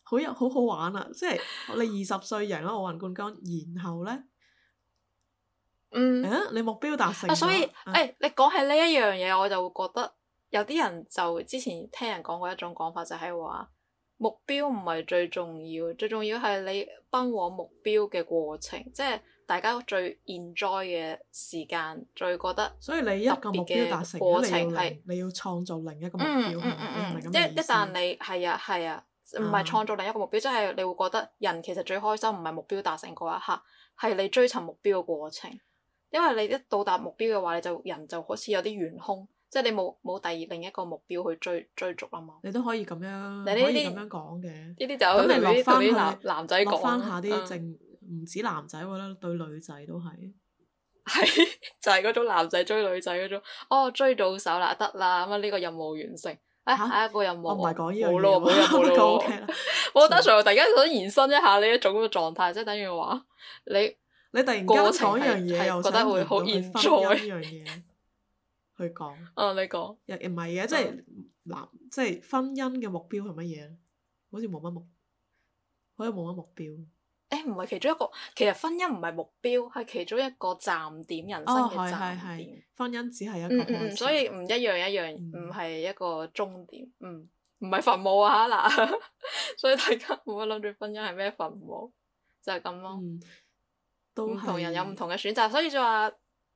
好有好好玩啦、啊，即、就、係、是、你二十歲贏咗奧運冠軍，然後呢？嗯、啊，你目標達成所以，誒、哎，你講起呢一樣嘢，啊、我就會覺得有啲人就之前聽人講過一種講法，就係話目標唔係最重要，最重要係你奔往目標嘅過程，即係大家最 enjoy 嘅時間，最覺得。所以你一個目標達成過程，一你要你要創造另一個目標，唔係咁意思先。一一旦你係啊係啊，唔係、啊、創造另一個目標，即係、啊、你會覺得人其實最開心唔係目標達成嗰一刻，係你追尋目標嘅過程。因為你一到達目標嘅話，你就人就好似有啲懸空，即係你冇冇第二另一個目標去追追逐啦嘛。你都可以咁樣，你呢啲，咁樣講嘅。呢啲就咁你落翻下男男仔，落翻下啲正唔止男仔，我覺得對女仔都係。係就係嗰種男仔追女仔嗰種，哦，追到手啦得啦，咁啊呢個任務完成，誒，下一個任務冇咯冇任務咯。我單純我大家想延伸一下呢一種嘅狀態，即係等於話你。你突然間講一樣嘢，又覺得會好嚴重呢樣嘢去講說。啊、哦，你講又唔係嘅，即係嗱 [laughs] 即係婚姻嘅目標係乜嘢？好似冇乜目，好似冇乜目標。誒、欸，唔係其中一個，其實婚姻唔係目標，係其中一個站點，點，人生嘅站點。婚姻只係一個、嗯嗯，所以唔一樣一樣，唔係、嗯、一個終點，嗯，唔係墳墓啊嗱， [laughs] 所以大家冇諗住婚姻係咩墳墓，就係咁咯。嗯同人有唔同嘅選擇，所以就話，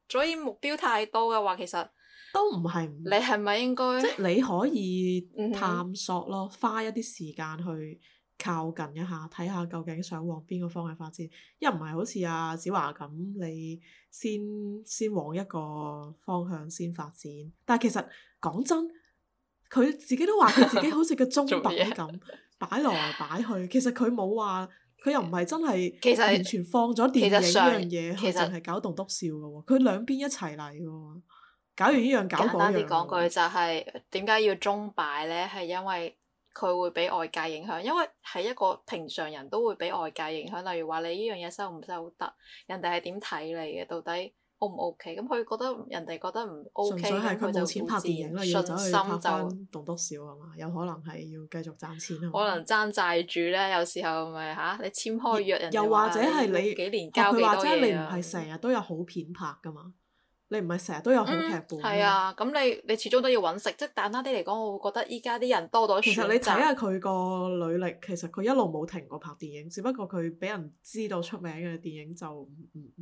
所以目標太多嘅話，其實都唔係。你係咪應該？即你可以探索咯，嗯、哼花一啲時間去靠近一下，睇下究竟想往邊個方向發展。因為唔係好似阿子華咁，你先先往一個方向先發展。但係其實講真，佢自己都話佢自己好似個鐘擺咁擺 [laughs] 來擺去。其實佢冇話。佢又唔係真係完全放咗電影呢樣嘢，其實係搞棟篤笑嘅喎。佢兩邊一齊嚟嘅喎，搞完依樣搞嗰樣，簡單啲講句就係點解要中擺呢？係因為佢會俾外界影響，因為係一個平常人都會俾外界影響。例如話你呢樣嘢收唔收得，人哋係點睇你嘅？到底。唔 O K，咁佢覺得人哋覺得唔 O K，所以佢冇錢拍電影，咁就信心就棟篤笑係嘛？有可能係要繼續賺錢啊，可能爭債主咧，有時候咪嚇你簽開約人又或者係你，佢話或者你唔係成日都有好片拍㗎嘛？你唔係成日都有好劇本，係、嗯、啊，咁你你始終都要揾食，即係簡單啲嚟講，我會覺得依家啲人多咗選擇。其實你睇下佢個履歷，其實佢一路冇停過拍電影，只不過佢俾人知道出名嘅電影就唔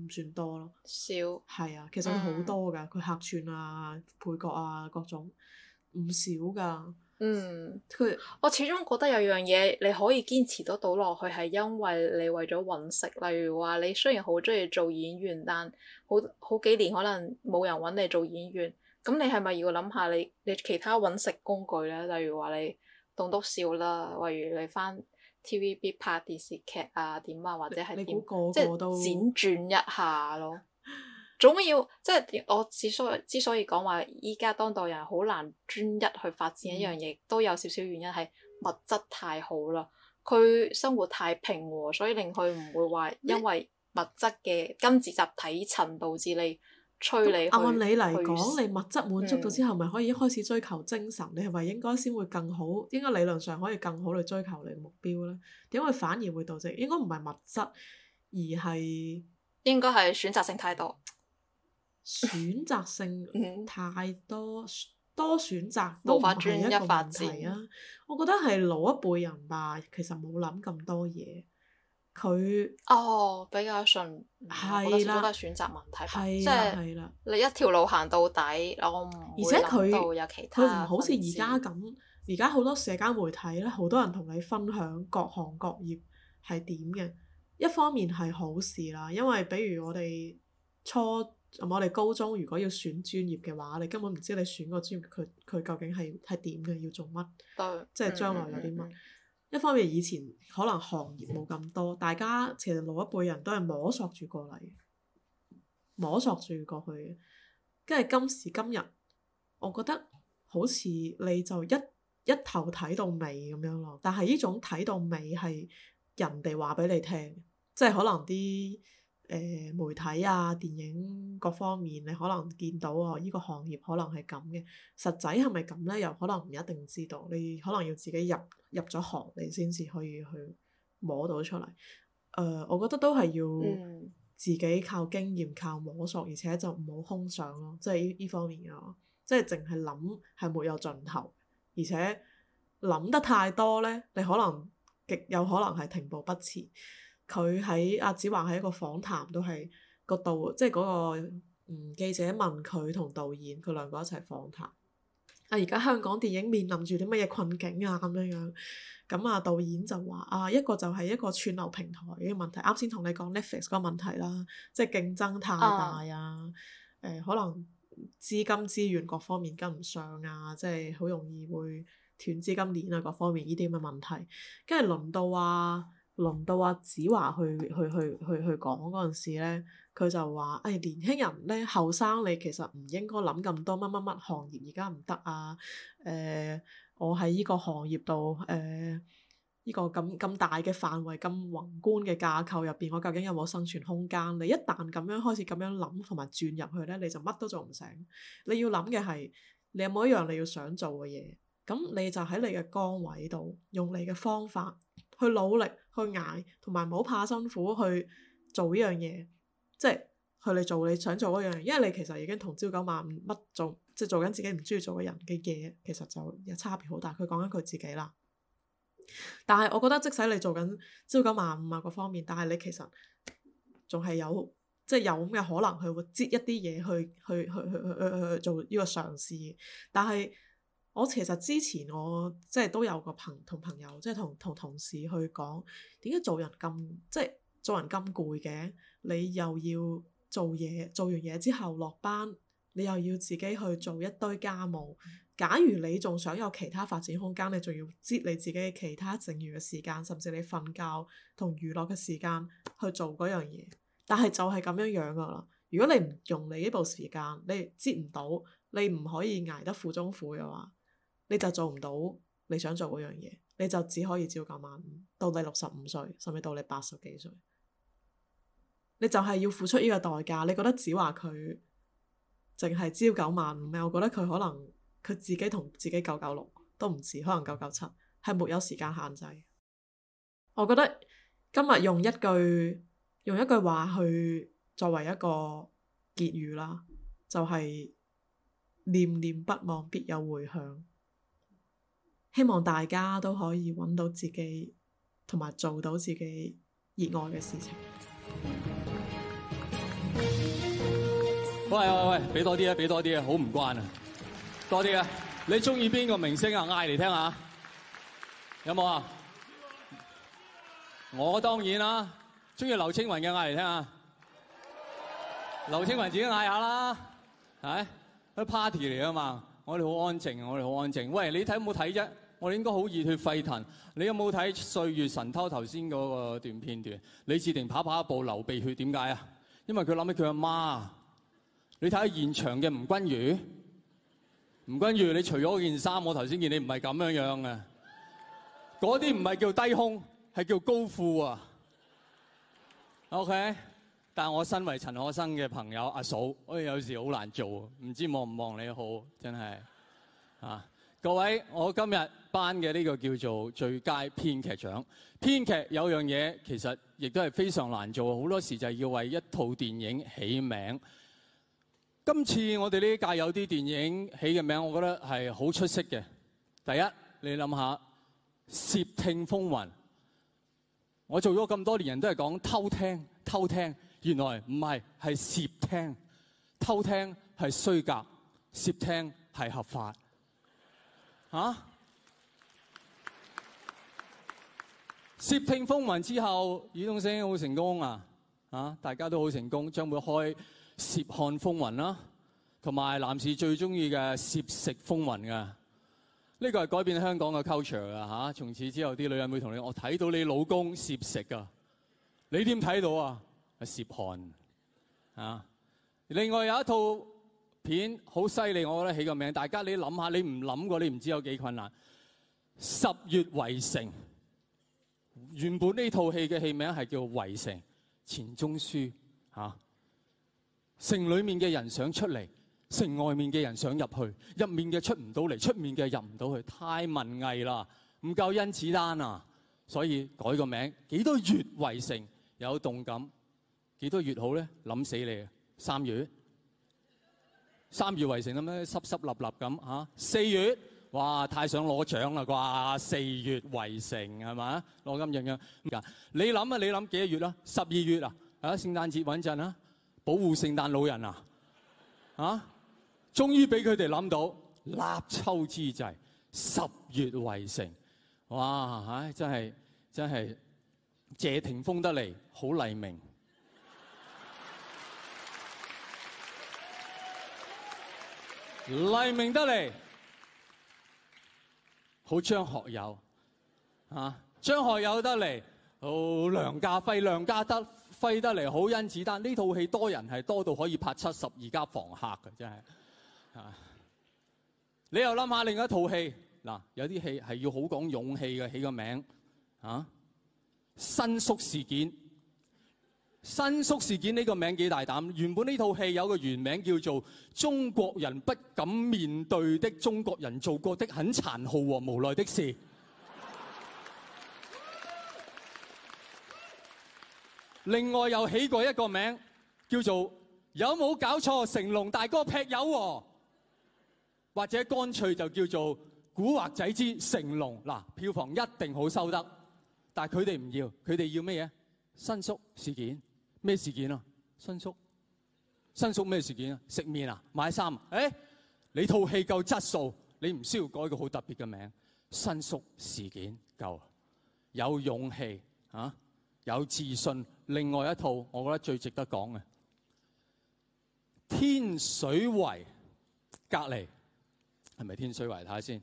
算多咯。少。係啊，其實佢好多噶，佢、嗯、客串啊、配角啊各種，唔少噶。嗯，我始終覺得有樣嘢你可以堅持得到落去，係因為你為咗揾食。例如話你雖然好鍾意做演員，但好好幾年可能冇人揾你做演員，咁你係咪要諗下你你其他揾食工具呢？例如話你棟篤笑啦，例如你翻 TVB 拍電視劇啊點啊，或者係點，即係是輾轉一下咯。總要即係我之所以之所以講話依家當代人好難專一去發展一樣嘢，嗯、都有少少原因係物質太好啦，佢生活太平和，所以令佢唔會話因為物質嘅金字塔體層導致你催你。按理嚟講，你物質滿足到之後，咪可以一開始追求精神？你係咪應該先會更好？應該理論上可以更好去追求你目標呢？點解反而會導致？應該唔係物質，而係應該係選擇性太多。 [laughs] 選擇性太多，多選擇都係一個問題啊！我覺得係老一輩人吧，其實冇諗咁多嘢。佢哦，比較順，嗯、的我哋都係選擇問題，即係你一條路行到底，我有其他，而且佢佢唔好似而家咁，而家好多社交媒體咧，好多人同你分享各行各業係點嘅。一方面係好事啦，因為比如我哋初。我哋高中如果要選專業嘅話，你根本唔知你選個專業佢佢究竟係係點嘅，要做乜？即係對將來有啲乜？一方面以前可能行業冇咁多，大家其實老一輩人都係摸索住過嚟，摸索住過去嘅。跟住今時今日，我覺得好似你就一一頭睇到尾咁樣咯。但係呢種睇到尾係人哋話俾你聽，即係可能啲。呃、媒體啊，電影各方面，你可能見到喎、哦，呢、這個行業可能係咁嘅。實際係咪咁呢？又可能唔一定知道。你可能要自己入入咗行，你先至可以去摸到出嚟。誒、呃，我覺得都係要自己靠經驗、靠摸索，而且就唔好空想咯。即係呢方面啊，即係淨係諗係沒有盡頭，而且諗得太多呢，你可能極有可能係停步不前。佢喺阿子華喺一個訪談，都係個導，即係嗰個嗯記者問佢同導演佢兩個一齊訪談。啊，而家香港電影面臨住啲乜嘢困境啊？咁樣樣，咁啊導演就話啊，一個就係一個串流平台嘅問題，啱先同你講 Netflix 個問題啦，即係競爭太大啊，誒、啊、可能資金資源各方面跟唔上啊，即係好容易會斷資金鏈啊，各方面呢啲咁嘅問題，跟住輪到啊。輪到阿子華去去去去去講嗰陣時咧，佢就話：誒、哎、年輕人咧，後生你其實唔應該諗咁多乜乜乜行業，而家唔得啊！誒、呃，我喺依個行業度，誒、呃、依個咁咁大嘅範圍、咁宏觀嘅架構入邊，我究竟有冇生存空間？你一旦咁樣開始咁樣諗同埋轉入去咧，你就乜都做唔成。你要諗嘅係，你有冇一樣你要想做嘅嘢？咁你就喺你嘅崗位度，用你嘅方法。去努力去捱，同埋唔好怕辛苦去做呢樣嘢，即係去你做你想做嗰樣嘢。因為你其實已經同朝九晚五乜做，即係做緊自己唔中意做嘅人嘅嘢，其實就有差別好大。佢講緊佢自己啦，但係我覺得即使你做緊朝九晚五啊嗰方面，但係你其實仲係有即係有咁嘅可能，佢會接一啲嘢去去去去去去去做呢個嘗試。但係。我其實之前我即係都有個朋同朋友，即係同同同事去講點解做人咁即係做人咁攰嘅？你又要做嘢，做完嘢之後落班，你又要自己去做一堆家務。假如你仲想有其他發展空間，你仲要擠你自己其他剩餘嘅時間，甚至你瞓覺同娛樂嘅時間去做嗰樣嘢。但係就係咁樣樣㗎喇。如果你唔用你呢部時間，你擠唔到，你唔可以捱得苦中苦嘅話。你就做唔到你想做嗰樣嘢，你就只可以朝九晚五到你六十五歲，甚至到你八十幾歲，你就係要付出呢個代價。你覺得只話佢淨係朝九晚五咩？我覺得佢可能佢自己同自己九九六都唔止，可能九九七係沒有時間限制。我覺得今日用一句用一句話去作為一個結語啦，就係、是、念念不忘必有回響。希望大家都可以揾到自己，同埋做到自己熱愛嘅事情。喂喂喂，俾多啲啊，俾多啲啊，好唔慣啊，多啲啊！你中意邊個明星啊？嗌嚟聽下，有冇啊？我當然啦、啊，中意劉青雲嘅嗌嚟聽下。劉青雲自己嗌下啦，係佢都 party 嚟啊嘛，我哋好安靜，我哋好安靜。喂，你睇冇睇啫？有我哋應該好熱血沸騰。你有冇睇《歲月神偷》頭先嗰段片段？李治廷跑跑步流鼻血，點解啊？因為佢諗起佢阿媽，媽。你睇下現場嘅吳君如，吳君如，你除咗件衫，我頭先見你唔係咁樣樣嘅。嗰啲唔係叫低胸，係叫高富啊。OK，但係我身為陳可辛嘅朋友阿嫂，我哋有時好難做，唔知望唔望你好，真係啊！各位，我今日。班嘅呢個叫做最佳編劇獎。編劇有樣嘢，其實亦都係非常難做，好多時就係要為一套電影起名。今次我哋呢屆有啲電影起嘅名，我覺得係好出色嘅。第一，你諗下《竊聽風雲》，我做咗咁多年，人都係講偷聽，偷聽，原來唔係係竊聽，偷聽係衰格，竊聽係合法，吓、啊？《竊聽風雲》之後，雨中聲好成功啊！啊，大家都好成功，將會開、啊《竊漢風雲》啦，同埋男士最中意嘅《竊食風雲、啊》噶。呢個係改變香港嘅 culture 啊。吓，從此之後啲女人會同你，我睇到你老公竊食啊，你點睇到啊？《竊漢》啊，另外有一套片好犀利，我覺得起個名，大家你諗下，你唔諗過你唔知有幾困難，《十月圍城》。原本呢套戲嘅戲名係叫《圍城》，錢鍾書嚇。城裡面嘅人想出嚟，城外面嘅人想入去，入面嘅出唔到嚟，出面嘅入唔到去，太文藝啦，唔夠甄子丹啊，所以改個名，幾多月圍城有動感，幾多月好咧？諗死你，三月，三月圍城咁樣，濕濕立立咁嚇，四月。哇！太想攞獎啦啩，四月圍城係嘛？攞金獎嘅咁啊！你諗啊？你諗幾多月啦？十二月啊？啊，聖誕節穩陣啦！保護聖誕老人啊！啊！終於俾佢哋諗到立秋之際，十月圍城。哇！唉，真係真係謝霆鋒得嚟好黎明，黎明得嚟。好張學友啊，張學友得嚟好、哦、梁家輝、梁家德輝得嚟好甄子丹。呢套戲多人係多到可以拍七十二家房客嘅，真係啊！你又諗下另一套戲嗱、啊，有啲戲係要好講勇氣嘅，起個名啊，《新宿事件》。新宿事件呢個名幾大膽？原本呢套戲有個原名叫做《中國人不敢面對的中國人做過的很殘酷和無奈的事》。 [laughs] 另外又起過一個名叫做《有冇搞錯？成龍大哥劈友喎》，或者乾脆就叫做《古惑仔之成龍》。嗱、啊，票房一定好收得，但係佢哋唔要，佢哋要咩嘢？新宿事件。咩事件啊？新宿新宿咩事件啊？食麵啊，買衫誒、欸！你套戲夠質素，你唔需要改個好特別嘅名。新宿事件夠有勇氣啊，有自信。另外一套，我覺得最值得講嘅，天水圍隔籬係咪天水圍？睇下先，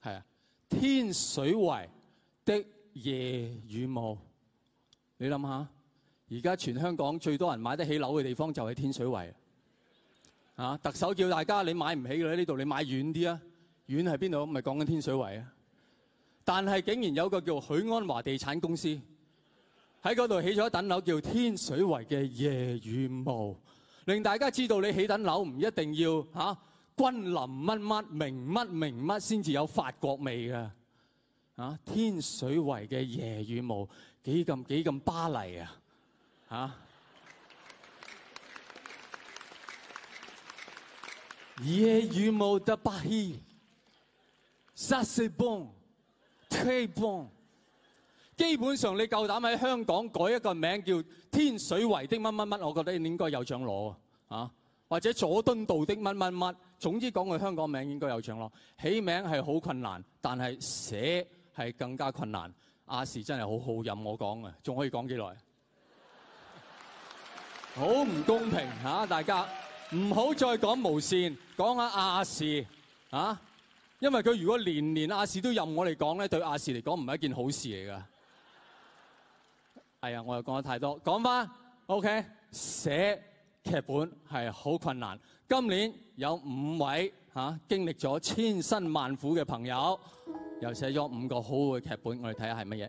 係啊，天水圍的夜與霧，你諗下。而家全香港最多人買得起樓嘅地方就係天水圍啊！啊，特首叫大家你買唔起嘅咧，呢度你買遠啲啊。遠係邊度？咪講緊天水圍啊！但係竟然有個叫許鞍華地產公司喺嗰度起咗一棟樓，叫天水圍嘅夜雨霧，令大家知道你起棟樓唔一定要嚇君臨乜乜名乜名乜先至有法國味㗎啊！天水圍嘅夜雨霧幾咁幾咁巴黎啊！嚇！夜雨無得白起，殺死幫，踢、啊、幫。Bon, bon. [noise] 基本上你夠膽喺香港改一個名叫天水圍的乜乜乜，我覺得應該有獎攞啊！或者佐敦道的乜乜乜，總之講佢香港名應該有獎攞。起名係好困難，但係寫係更加困難。亞視真係好好飲，我講啊，仲可以講幾耐？好唔公平嚇！大家唔好再講無線，講下亞視嚇，因為佢如果年年亞視都任我哋講咧，對亞視嚟講唔係一件好事嚟噶。係啊，我又講得太多，講翻 OK，寫劇本係好困難。今年有五位嚇經歷咗千辛萬苦嘅朋友，又寫咗五個好好嘅劇本，我哋睇下係乜嘢。